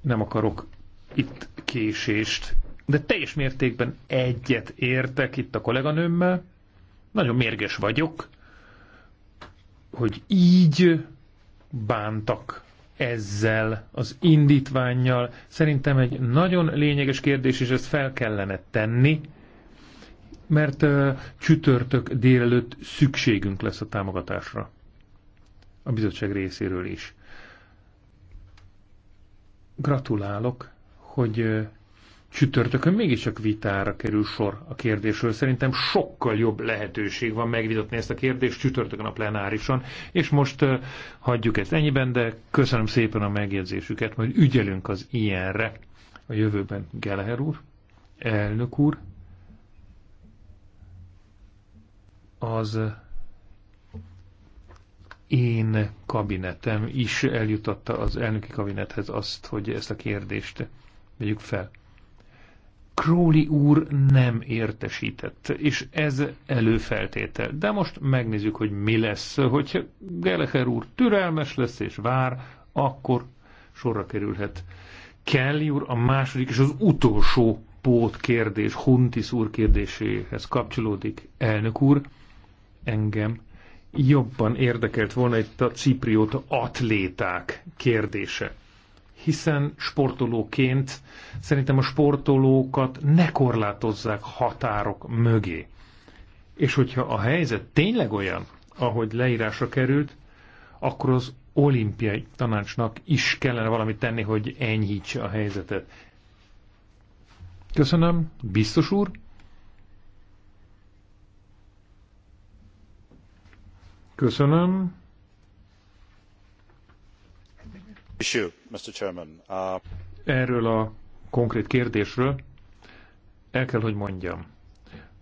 Nem akarok itt késést, de teljes mértékben egyet értek itt a kolléganőmmel. Nagyon mérges vagyok, hogy így bántak ezzel az indítványjal. Szerintem egy nagyon lényeges kérdés, és ezt fel kellene tenni, mert uh, csütörtök délelőtt szükségünk lesz a támogatásra. A bizottság részéről is. Gratulálok, hogy csütörtökön mégiscsak vitára kerül sor a kérdésről. Szerintem sokkal jobb lehetőség van megvitatni ezt a kérdést csütörtökön a plenárison, és most uh, hagyjuk ezt ennyiben, de köszönöm szépen a megjegyzésüket, majd ügyelünk az ilyenre a jövőben. Geleher úr, elnök úr, az én kabinetem is eljutatta az elnöki kabinethez azt, hogy ezt a kérdést vegyük fel. Crowley úr nem értesített, és ez előfeltétel. De most megnézzük, hogy mi lesz. Hogyha Geleher úr türelmes lesz és vár, akkor sorra kerülhet. Kelly úr a második és az utolsó pót kérdés, Huntis úr kérdéséhez kapcsolódik. Elnök úr, engem jobban érdekelt volna itt a cipriota atléták kérdése hiszen sportolóként szerintem a sportolókat ne korlátozzák határok mögé. És hogyha a helyzet tényleg olyan, ahogy leírásra került, akkor az olimpiai tanácsnak is kellene valamit tenni, hogy enyhítse a helyzetet. Köszönöm, biztos úr. Köszönöm. Köszönöm. Uh, Erről a konkrét kérdésről el kell, hogy mondjam,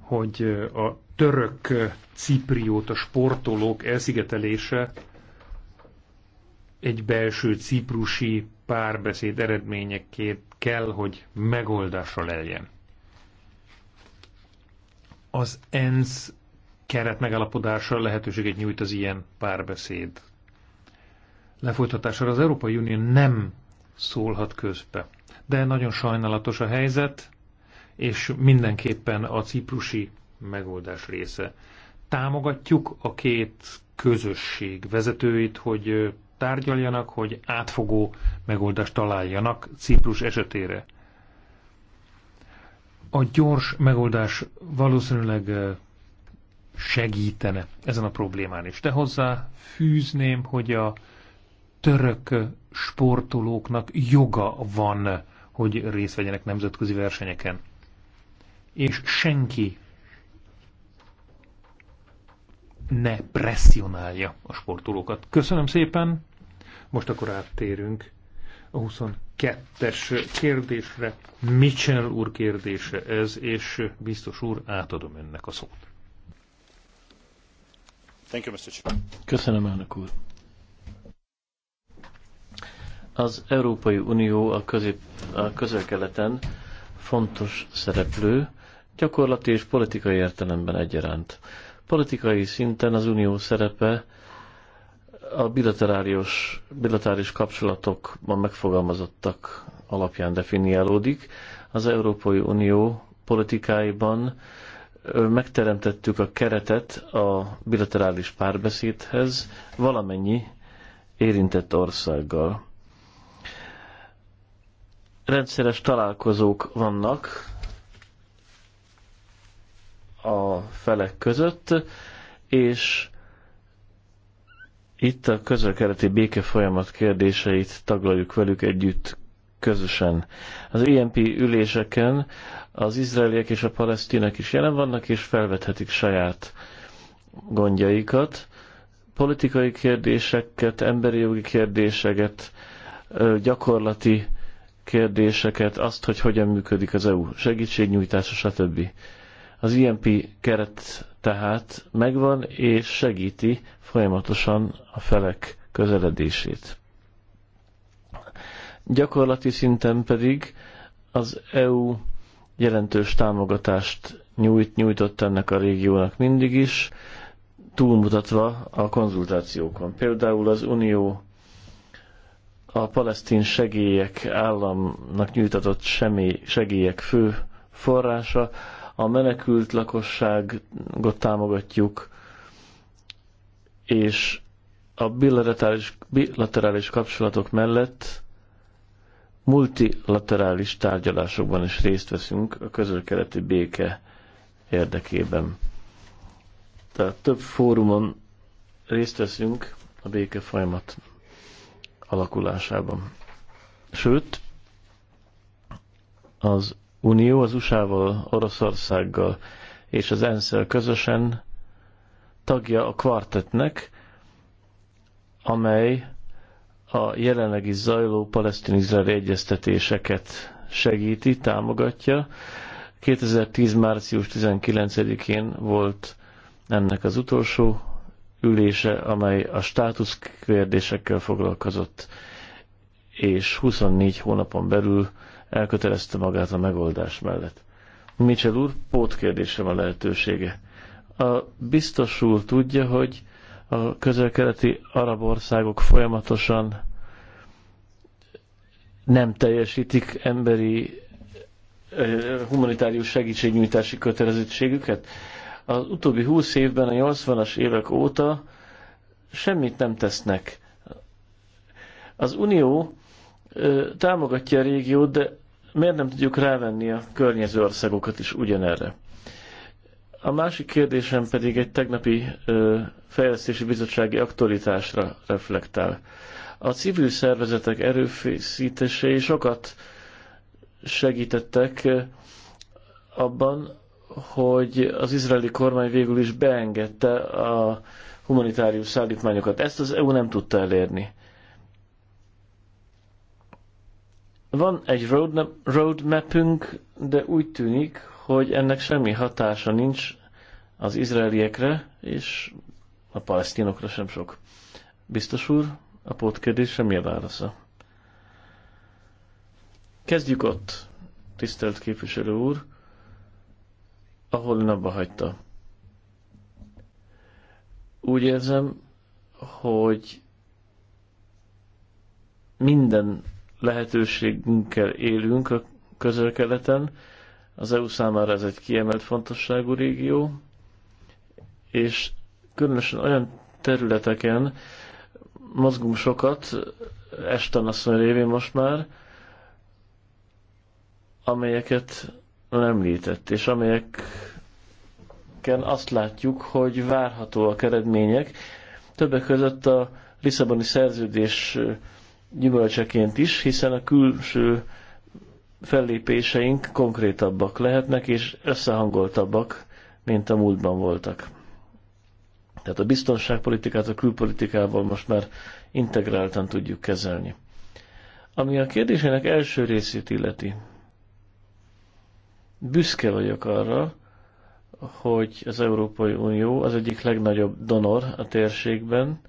hogy uh, a török uh, ciprióta sportolók elszigetelése egy belső ciprusi párbeszéd eredményeként kell, hogy megoldásra legyen. Az ENSZ keret megállapodása lehetőséget nyújt az ilyen párbeszéd lefolytatására az Európai Unió nem szólhat közbe. De nagyon sajnálatos a helyzet, és mindenképpen a ciprusi megoldás része. Támogatjuk a két közösség vezetőit, hogy tárgyaljanak, hogy átfogó megoldást találjanak Ciprus esetére. A gyors megoldás valószínűleg eh, segítene ezen a problémán is. De hozzá fűzném, hogy a török sportolóknak joga van, hogy részt vegyenek nemzetközi versenyeken. És senki ne presszionálja a sportolókat. Köszönöm szépen! Most akkor áttérünk a 22-es kérdésre. Mitchell úr kérdése ez, és biztos úr, átadom önnek a szót. Thank you, Mr. Köszönöm, elnök úr. Az Európai Unió a, közép, a közel-keleten fontos szereplő, gyakorlati és politikai értelemben egyaránt. Politikai szinten az unió szerepe a bilaterális, bilaterális kapcsolatokban megfogalmazottak alapján definiálódik. Az Európai Unió politikáiban megteremtettük a keretet a bilaterális párbeszédhez valamennyi érintett országgal rendszeres találkozók vannak a felek között, és itt a közelkereti béke folyamat kérdéseit taglaljuk velük együtt közösen. Az IMP e üléseken az izraeliek és a palesztinek is jelen vannak, és felvethetik saját gondjaikat. Politikai kérdéseket, emberi jogi kérdéseket, gyakorlati kérdéseket, azt, hogy hogyan működik az EU segítségnyújtása, stb. Az IMP keret tehát megvan és segíti folyamatosan a felek közeledését. Gyakorlati szinten pedig az EU jelentős támogatást nyújt, nyújtott ennek a régiónak mindig is, túlmutatva a konzultációkon. Például az Unió a palesztin segélyek államnak nyújtatott semmi segélyek fő forrása, a menekült lakosságot támogatjuk, és a bilaterális, bilaterális kapcsolatok mellett multilaterális tárgyalásokban is részt veszünk a közölkeleti béke érdekében. Tehát több fórumon részt veszünk a béke folyamatban alakulásában. Sőt, az Unió az USA-val, Oroszországgal és az ensz közösen tagja a kvartetnek, amely a jelenlegi zajló palesztin-izraeli egyeztetéseket segíti, támogatja. 2010. március 19-én volt ennek az utolsó ülése, amely a státusz kérdésekkel foglalkozott, és 24 hónapon belül elkötelezte magát a megoldás mellett. Mitchell úr, pótkérdése van lehetősége. A biztos úr tudja, hogy a közelkeleti arab országok folyamatosan nem teljesítik emberi eh, humanitárius segítségnyújtási kötelezettségüket. Az utóbbi 20 évben, a 80-as évek óta semmit nem tesznek. Az Unió ö, támogatja a régiót, de miért nem tudjuk rávenni a környező országokat is ugyanerre? A másik kérdésem pedig egy tegnapi ö, fejlesztési bizottsági aktualitásra reflektál. A civil szervezetek erőfeszítései sokat segítettek abban, hogy az izraeli kormány végül is beengedte a humanitárius szállítmányokat. Ezt az EU nem tudta elérni. Van egy roadmapünk, de úgy tűnik, hogy ennek semmi hatása nincs az izraeliekre, és a palesztinokra sem sok. Biztos úr, a pótkérdés semmi a válasza? Kezdjük ott, tisztelt képviselő úr ahol ön abba hagyta. Úgy érzem, hogy minden lehetőségünkkel élünk a közel-keleten. Az EU számára ez egy kiemelt fontosságú régió, és különösen olyan területeken mozgunk sokat, Eston asszony révén most már, amelyeket említett, és amelyeken azt látjuk, hogy várható a eredmények, többek között a Lisszaboni szerződés gyümölcseként is, hiszen a külső fellépéseink konkrétabbak lehetnek, és összehangoltabbak, mint a múltban voltak. Tehát a biztonságpolitikát a külpolitikával most már integráltan tudjuk kezelni. Ami a kérdésének első részét illeti, Büszke vagyok arra, hogy az Európai Unió az egyik legnagyobb donor a térségben,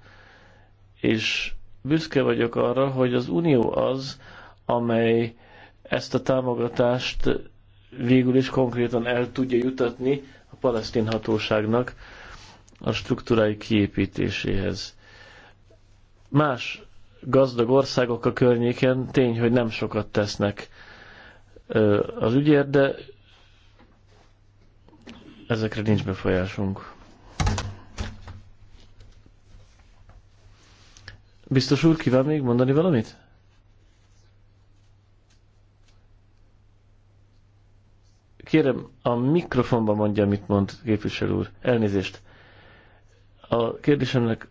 és büszke vagyok arra, hogy az Unió az, amely ezt a támogatást végül is konkrétan el tudja jutatni a palesztin hatóságnak a struktúrái kiépítéséhez. Más gazdag országok a környéken tény, hogy nem sokat tesznek az ügyért, de Ezekre nincs befolyásunk. Biztos úr, kíván még mondani valamit? Kérem, a mikrofonba mondja, mit mond képviselő úr. Elnézést. A kérdésemnek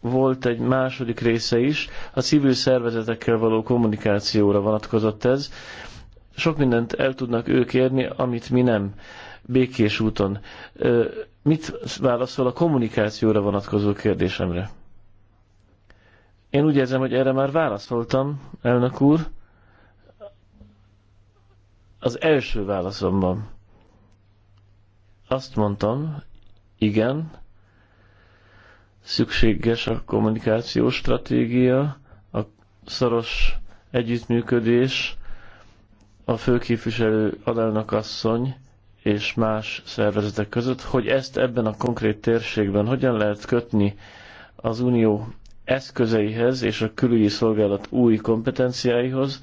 volt egy második része is, a civil szervezetekkel való kommunikációra vonatkozott ez. Sok mindent el tudnak ők érni, amit mi nem békés úton. Mit válaszol a kommunikációra vonatkozó kérdésemre? Én úgy érzem, hogy erre már válaszoltam, elnök úr, az első válaszomban. Azt mondtam, igen, szükséges a kommunikációs stratégia, a szoros együttműködés, a főképviselő alelnök asszony és más szervezetek között, hogy ezt ebben a konkrét térségben hogyan lehet kötni az unió eszközeihez és a külügyi szolgálat új kompetenciáihoz,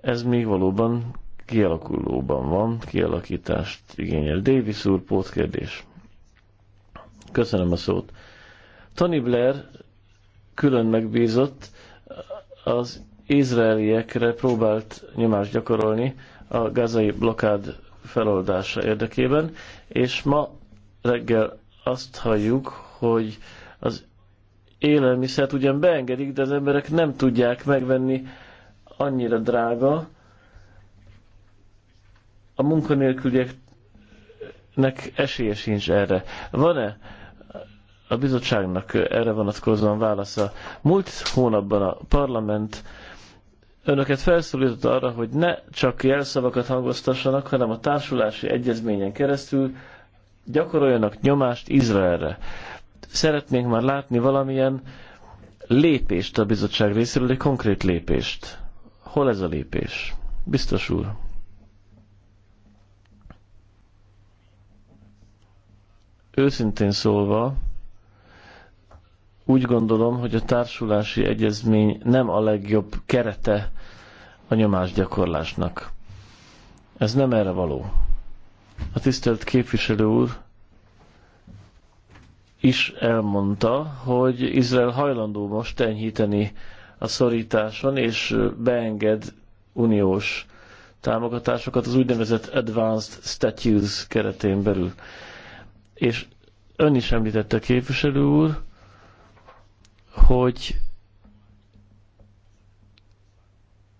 ez még valóban kialakulóban van, kialakítást igényel. Davis úr, pótkérdés. Köszönöm a szót. Tony Blair külön megbízott az izraeliekre próbált nyomást gyakorolni a gazai blokád feloldása érdekében, és ma reggel azt halljuk, hogy az élelmiszert ugyan beengedik, de az emberek nem tudják megvenni annyira drága. A munkanélkülieknek esélye sincs erre. Van-e a bizottságnak erre vonatkozóan válasza? Múlt hónapban a parlament önöket felszólított arra, hogy ne csak jelszavakat hangoztassanak, hanem a társulási egyezményen keresztül gyakoroljanak nyomást Izraelre. Szeretnénk már látni valamilyen lépést a bizottság részéről, egy konkrét lépést. Hol ez a lépés? Biztos úr. Őszintén szólva, úgy gondolom, hogy a társulási egyezmény nem a legjobb kerete a nyomásgyakorlásnak. Ez nem erre való. A tisztelt képviselő úr is elmondta, hogy Izrael hajlandó most enyhíteni a szorításon, és beenged uniós támogatásokat az úgynevezett Advanced Statues keretén belül. És ön is említette a képviselő úr, hogy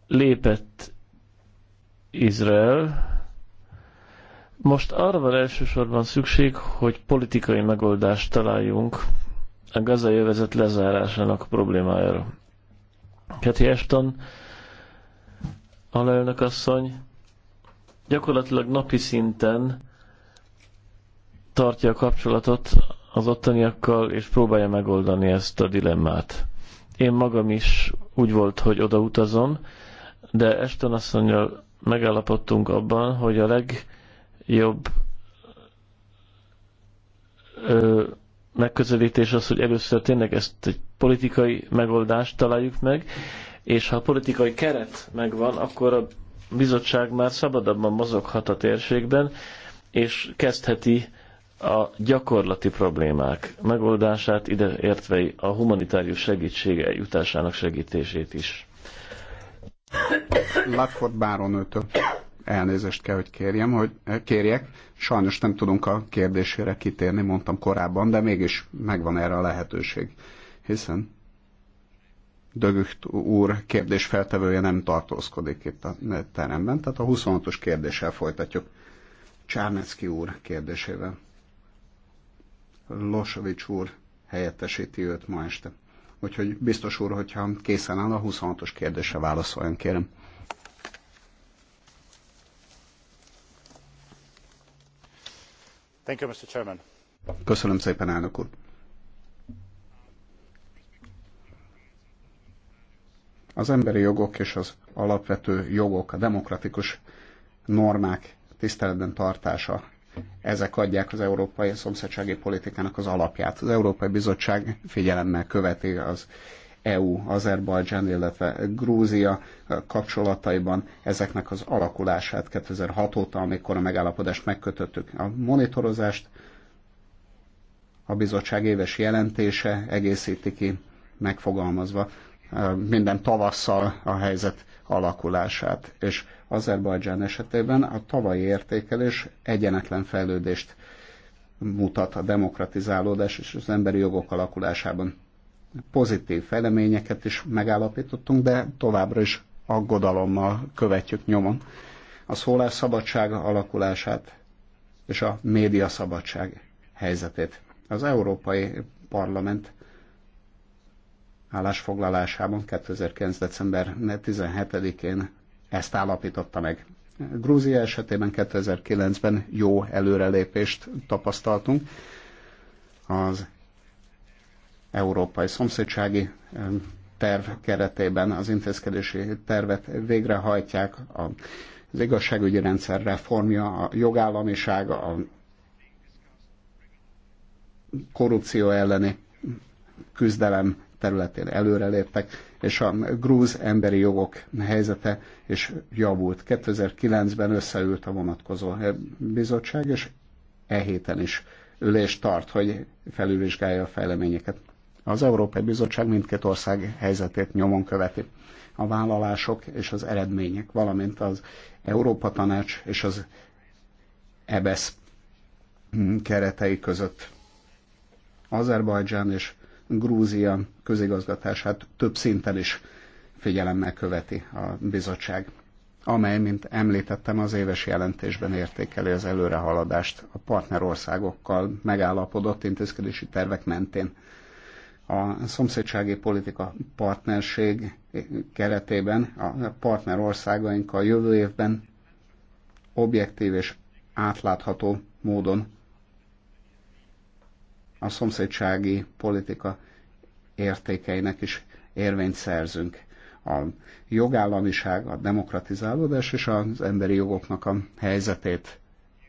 lépett Izrael. Most arra van elsősorban szükség, hogy politikai megoldást találjunk a gazai övezet lezárásának problémájára. Kathy Ashton, alelnök asszony, gyakorlatilag napi szinten tartja a kapcsolatot az ottaniakkal, és próbálja megoldani ezt a dilemmát. Én magam is úgy volt, hogy oda utazom, de Eston asszonynal megállapodtunk abban, hogy a legjobb ö, megközelítés az, hogy először tényleg ezt egy politikai megoldást találjuk meg, és ha a politikai keret megvan, akkor a bizottság már szabadabban mozoghat a térségben, és kezdheti a gyakorlati problémák megoldását, ide értve a humanitárius segítsége jutásának segítését is. Latford Báronőtől elnézést kell, hogy kérjem, hogy eh, kérjek. Sajnos nem tudunk a kérdésére kitérni, mondtam korábban, de mégis megvan erre a lehetőség. Hiszen Dögücht úr kérdés nem tartózkodik itt a teremben, tehát a 26-os kérdéssel folytatjuk. Csárnecki úr kérdésével. Losovics úr helyettesíti őt ma este. Úgyhogy biztos úr, hogyha készen áll, a 26-os kérdésre válaszoljon, kérem. Thank you, Mr. Chairman. Köszönöm szépen, elnök úr. Az emberi jogok és az alapvető jogok, a demokratikus normák tiszteletben tartása ezek adják az európai szomszédsági politikának az alapját. Az Európai Bizottság figyelemmel követi az EU, Azerbajdzsán, illetve Grúzia kapcsolataiban ezeknek az alakulását 2006 óta, amikor a megállapodást megkötöttük. A monitorozást a bizottság éves jelentése egészíti ki, megfogalmazva minden tavasszal a helyzet alakulását, és Azerbajdzsán esetében a tavalyi értékelés egyenetlen fejlődést mutat a demokratizálódás és az emberi jogok alakulásában. Pozitív fejleményeket is megállapítottunk, de továbbra is aggodalommal követjük nyomon a szólásszabadság alakulását és a médiaszabadság helyzetét. Az Európai Parlament állásfoglalásában 2009. december 17-én ezt állapította meg. Grúzia esetében 2009-ben jó előrelépést tapasztaltunk. Az európai szomszédsági terv keretében az intézkedési tervet végrehajtják, az igazságügyi rendszer reformja, a jogállamiság, a korrupció elleni küzdelem területén előreléptek, és a grúz emberi jogok helyzete is javult. 2009-ben összeült a vonatkozó bizottság, és e héten is ülést tart, hogy felülvizsgálja a fejleményeket. Az Európai Bizottság mindkét ország helyzetét nyomon követi. A vállalások és az eredmények, valamint az Európa Tanács és az EBESZ keretei között. Azerbajdzsán és Grúzia közigazgatását több szinten is figyelemmel követi a bizottság, amely, mint említettem, az éves jelentésben értékeli az előrehaladást a partnerországokkal megállapodott intézkedési tervek mentén. A szomszédsági politika partnerség keretében a partnerországaink a jövő évben objektív és átlátható módon a szomszédsági politika értékeinek is érvényt szerzünk. A jogállamiság, a demokratizálódás és az emberi jogoknak a helyzetét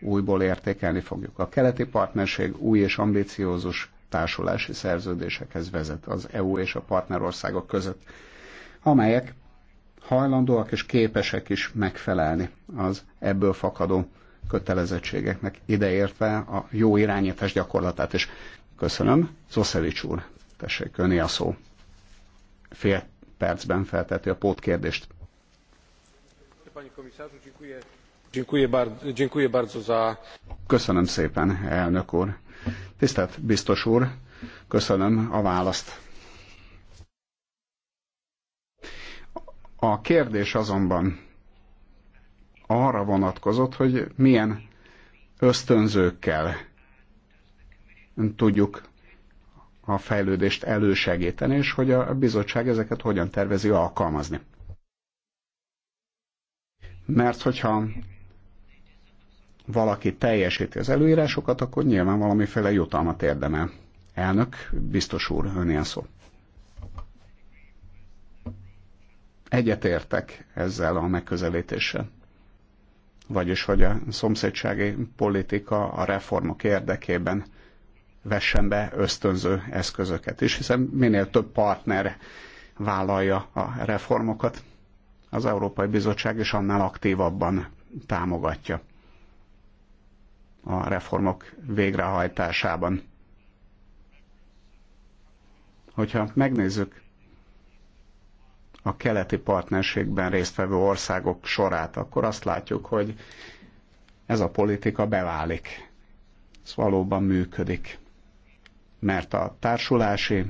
újból értékelni fogjuk. A keleti partnerség új és ambiciózus társulási szerződésekhez vezet az EU és a partnerországok között, amelyek hajlandóak és képesek is megfelelni az ebből fakadó kötelezettségeknek, ideértve a jó irányítás gyakorlatát is. Köszönöm. Zoszelics úr, tessék, öné a szó. Fél percben felteti a kérdést. Köszönöm szépen, elnök úr. Tisztelt biztos úr, köszönöm a választ. A kérdés azonban arra vonatkozott, hogy milyen ösztönzőkkel tudjuk a fejlődést elősegíteni, és hogy a bizottság ezeket hogyan tervezi alkalmazni. Mert hogyha valaki teljesíti az előírásokat, akkor nyilván valamiféle jutalmat érdemel. Elnök, biztos úr, ilyen szó. Egyetértek ezzel a megközelítéssel. Vagyis, hogy a szomszédsági politika a reformok érdekében vessen be ösztönző eszközöket is, hiszen minél több partner vállalja a reformokat, az Európai Bizottság is annál aktívabban támogatja a reformok végrehajtásában. Hogyha megnézzük a keleti partnerségben résztvevő országok sorát, akkor azt látjuk, hogy ez a politika beválik. Ez valóban működik mert a társulási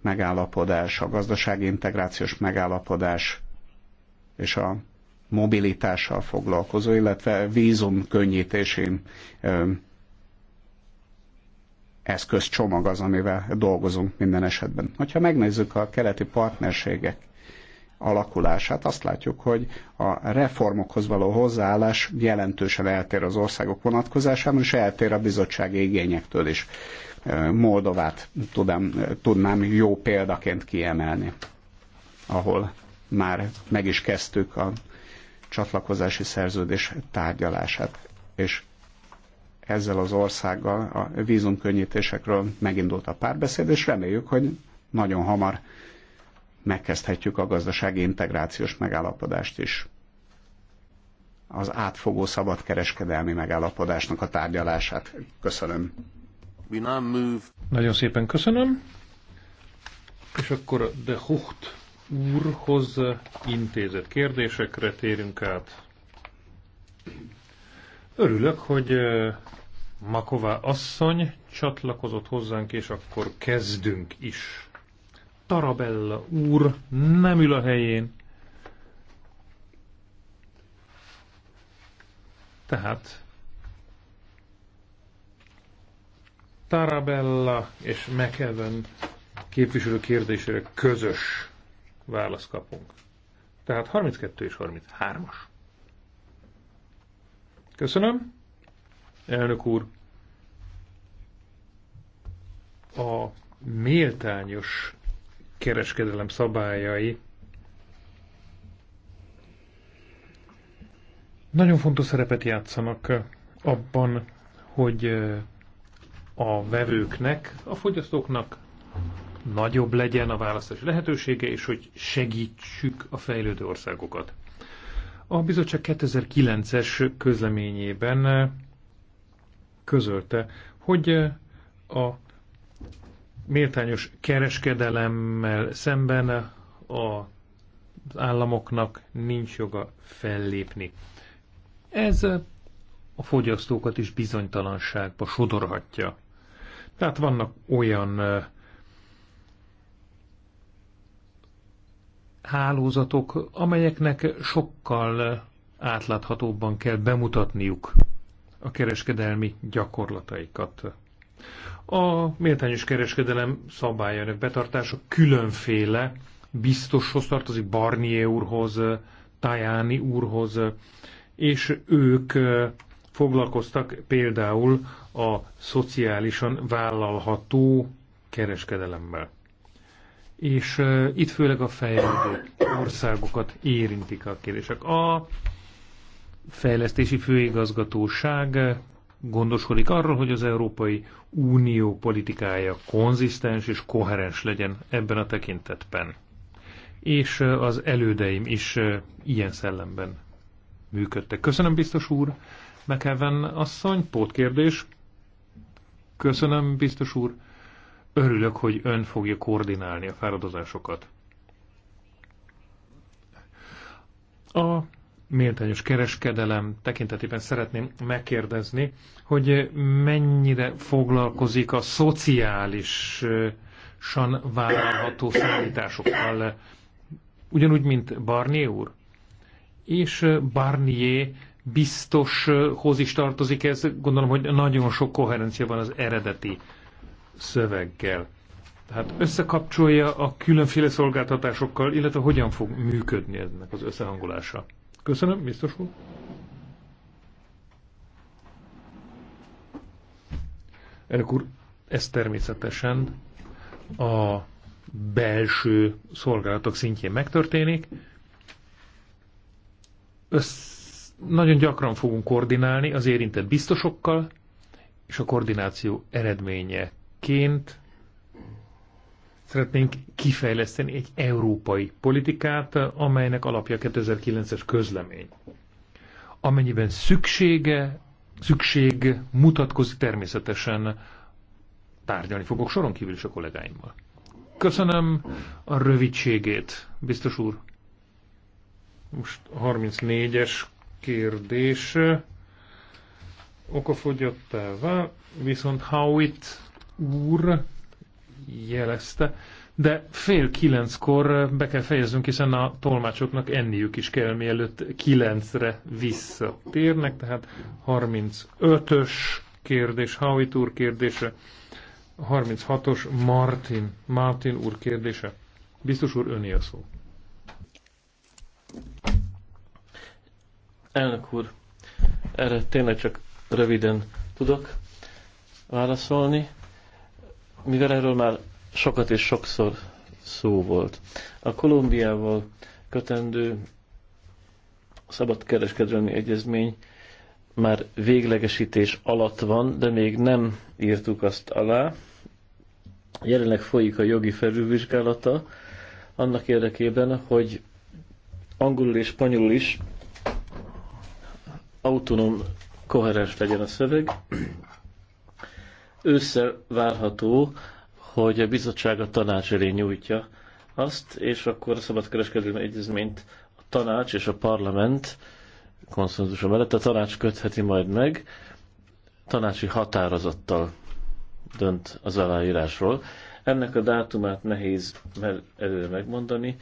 megállapodás, a gazdasági integrációs megállapodás és a mobilitással foglalkozó, illetve vízum könnyítési eszközcsomag az, amivel dolgozunk minden esetben. Hogyha megnézzük a keleti partnerségek alakulását, azt látjuk, hogy a reformokhoz való hozzáállás jelentősen eltér az országok vonatkozásában, és eltér a bizottsági igényektől is. Moldovát tudom tudnám jó példaként kiemelni, ahol már meg is kezdtük a csatlakozási szerződés tárgyalását, és ezzel az országgal a vízumkönnyítésekről megindult a párbeszéd, és reméljük, hogy nagyon hamar megkezdhetjük a gazdasági integrációs megállapodást is. Az átfogó szabadkereskedelmi megállapodásnak a tárgyalását. Köszönöm. Nagyon szépen köszönöm. És akkor de Hucht úrhoz intézett kérdésekre térünk át. Örülök, hogy eh, Maková asszony csatlakozott hozzánk, és akkor kezdünk is. Tarabella úr nem ül a helyén. Tehát Tarabella és McEwen képviselő kérdésére közös választ kapunk. Tehát 32 és 33-as. Köszönöm. Elnök úr, a méltányos kereskedelem szabályai nagyon fontos szerepet játszanak abban, hogy a vevőknek, a fogyasztóknak nagyobb legyen a választási lehetősége, és hogy segítsük a fejlődő országokat. A bizottság 2009-es közleményében eh, közölte, hogy eh, a méltányos kereskedelemmel szemben a eh, az államoknak nincs joga fellépni. Ez a fogyasztókat is bizonytalanságba sodorhatja. Tehát vannak olyan hálózatok, amelyeknek sokkal átláthatóbban kell bemutatniuk a kereskedelmi gyakorlataikat. A méltányos kereskedelem szabályának betartása különféle biztoshoz tartozik, Barnier úrhoz, Tajani úrhoz, és ők foglalkoztak például a szociálisan vállalható kereskedelemmel. És uh, itt főleg a fejlődő országokat érintik a kérdések. A fejlesztési főigazgatóság gondoskodik arról, hogy az Európai Unió politikája konzisztens és koherens legyen ebben a tekintetben. És az elődeim is ilyen szellemben működtek. Köszönöm, biztos úr! McEwen asszony, pótkérdés. Köszönöm, biztos úr. Örülök, hogy ön fogja koordinálni a fáradozásokat. A méltányos kereskedelem tekintetében szeretném megkérdezni, hogy mennyire foglalkozik a szociálisan vállalható szállításokkal, ugyanúgy, mint Barnier úr. És Barnier biztoshoz is tartozik ez. Gondolom, hogy nagyon sok koherencia van az eredeti szöveggel. Tehát összekapcsolja a különféle szolgáltatásokkal, illetve hogyan fog működni ennek az összehangolása. Köszönöm, biztos úr. Elnök úr, ez természetesen a belső szolgálatok szintjén megtörténik. Össze nagyon gyakran fogunk koordinálni az érintett biztosokkal, és a koordináció eredményeként szeretnénk kifejleszteni egy európai politikát, amelynek alapja 2009-es közlemény. Amennyiben szüksége, szükség mutatkozik természetesen, tárgyalni fogok soron kívül is a kollégáimmal. Köszönöm a rövidségét, biztos úr. Most 34-es kérdés okafogyottá vál, viszont Howitt úr jelezte, de fél kilenckor be kell fejeznünk, hiszen a tolmácsoknak enniük is kell, mielőtt kilencre visszatérnek, tehát 35-ös kérdés, Howitt úr kérdése, 36-os Martin, Martin úr kérdése. Biztos úr, öné a szó. Elnök úr, erre tényleg csak röviden tudok válaszolni, mivel erről már sokat és sokszor szó volt. A Kolumbiával kötendő szabadkereskedelmi egyezmény már véglegesítés alatt van, de még nem írtuk azt alá. Jelenleg folyik a jogi felülvizsgálata annak érdekében, hogy angolul és spanyolul is autonóm, koherens legyen a szöveg. Ősszel várható, hogy a bizottság a tanács elé nyújtja azt, és akkor a szabadkereskedelmi egyezményt a tanács és a parlament konszenzusa mellett a tanács kötheti majd meg, tanácsi határozattal dönt az aláírásról. Ennek a dátumát nehéz előre megmondani,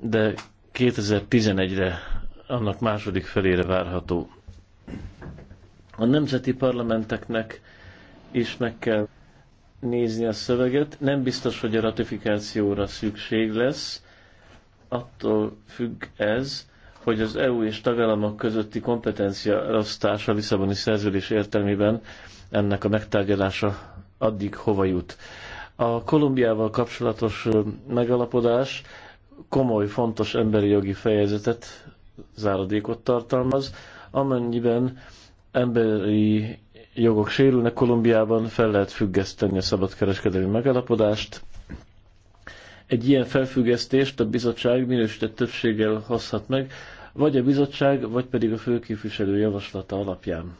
de 2011-re, annak második felére várható a nemzeti parlamenteknek is meg kell nézni a szöveget. Nem biztos, hogy a ratifikációra szükség lesz. Attól függ ez, hogy az EU és tagállamok közötti kompetencia elosztása a Lisszaboni szerződés értelmében ennek a megtárgyalása addig hova jut. A Kolumbiával kapcsolatos megalapodás komoly, fontos emberi jogi fejezetet, záradékot tartalmaz, amennyiben emberi jogok sérülnek, Kolumbiában fel lehet függeszteni a szabadkereskedelmi megalapodást. Egy ilyen felfüggesztést a bizottság minősített többséggel hozhat meg, vagy a bizottság, vagy pedig a főképviselő javaslata alapján.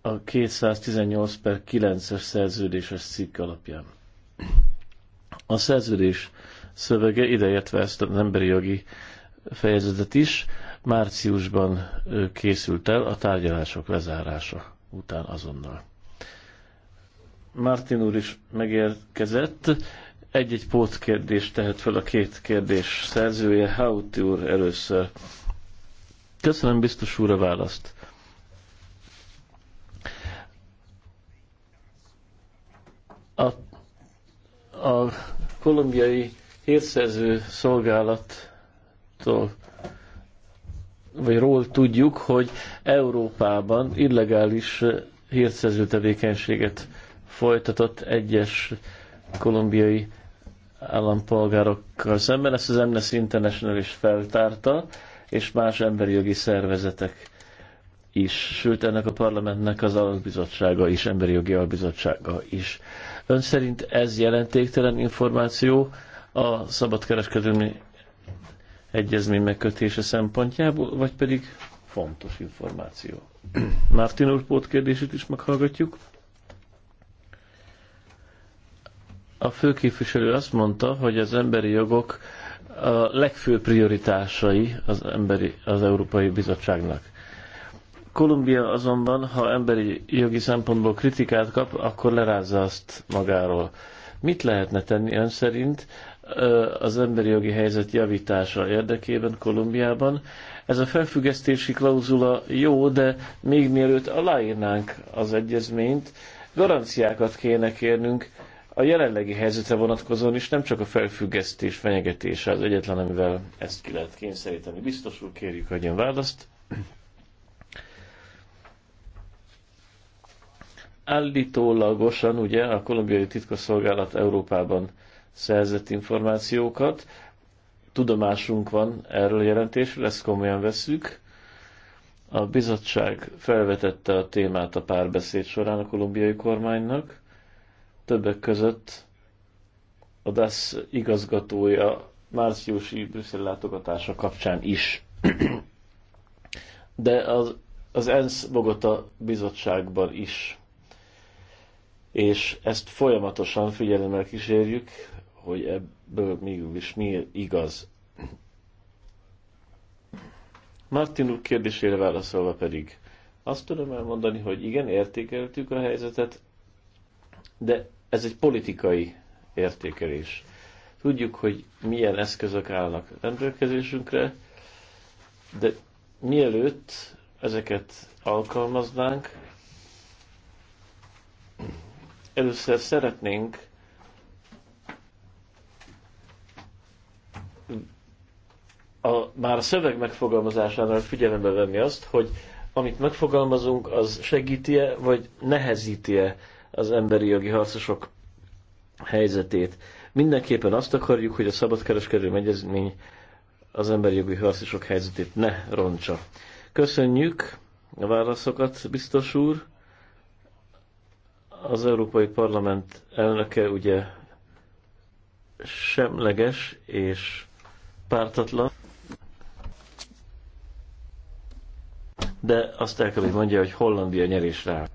A 218 per 9-es szerződéses cikk alapján. A szerződés szövege, ideértve ezt az emberi jogi fejezetet is, márciusban készült el a tárgyalások lezárása után azonnal. Martin úr is megérkezett. Egy-egy pótkérdést tehet fel a két kérdés szerzője, Hauti úr először. Köszönöm biztos úr a választ. A, a kolumbiai hírszerző szolgálattól vagy ról tudjuk, hogy Európában illegális eh, hírszerző tevékenységet folytatott egyes kolumbiai állampolgárokkal szemben. Ezt az Amnesty International is feltárta, és más emberi jogi szervezetek is, sőt ennek a parlamentnek az alapbizottsága is, emberi jogi albizottsága is. Ön szerint ez jelentéktelen információ a szabadkereskedelmi egyezmény megkötése szempontjából, vagy pedig fontos információ. <clears throat> Martin úr kérdését is meghallgatjuk. A főképviselő azt mondta, hogy az emberi jogok a legfőbb prioritásai az, emberi, az Európai Bizottságnak. Kolumbia azonban, ha emberi jogi szempontból kritikát kap, akkor lerázza azt magáról. Mit lehetne tenni ön szerint az emberi jogi helyzet javítása érdekében Kolumbiában. Ez a felfüggesztési klauzula jó, de még mielőtt aláírnánk az egyezményt, garanciákat kéne kérnünk a jelenlegi helyzetre vonatkozóan is, nem csak a felfüggesztés fenyegetése az egyetlen, amivel ezt ki lehet kényszeríteni. Biztosul kérjük, hogy ilyen választ. Állítólagosan ugye a kolumbiai titkosszolgálat Európában szerzett információkat. Tudomásunk van erről a jelentésről, ezt komolyan vesszük. A bizottság felvetette a témát a párbeszéd során a kolumbiai kormánynak. Többek között a DASZ igazgatója márciusi brüsszeli látogatása kapcsán is. <clears throat> De az, az ENSZ Bogota bizottságban is. És ezt folyamatosan figyelemmel kísérjük hogy ebből mégis mi igaz. Martin úr kérdésére válaszolva pedig azt tudom elmondani, hogy igen, értékeltük a helyzetet, de ez egy politikai értékelés. Tudjuk, hogy milyen eszközök állnak rendelkezésünkre, de mielőtt ezeket alkalmaznánk, először szeretnénk a, már a szöveg megfogalmazásánál figyelembe venni azt, hogy amit megfogalmazunk, az segíti-e, vagy nehezíti-e az emberi jogi harcosok helyzetét. Mindenképpen azt akarjuk, hogy a szabadkereskedelmi egyezmény az emberi jogi harcosok helyzetét ne roncsa. Köszönjük a válaszokat, biztos úr. Az Európai Parlament elnöke ugye semleges és pártatlan. de azt el kell, hogy mondja, hogy Hollandia nyerésre áll.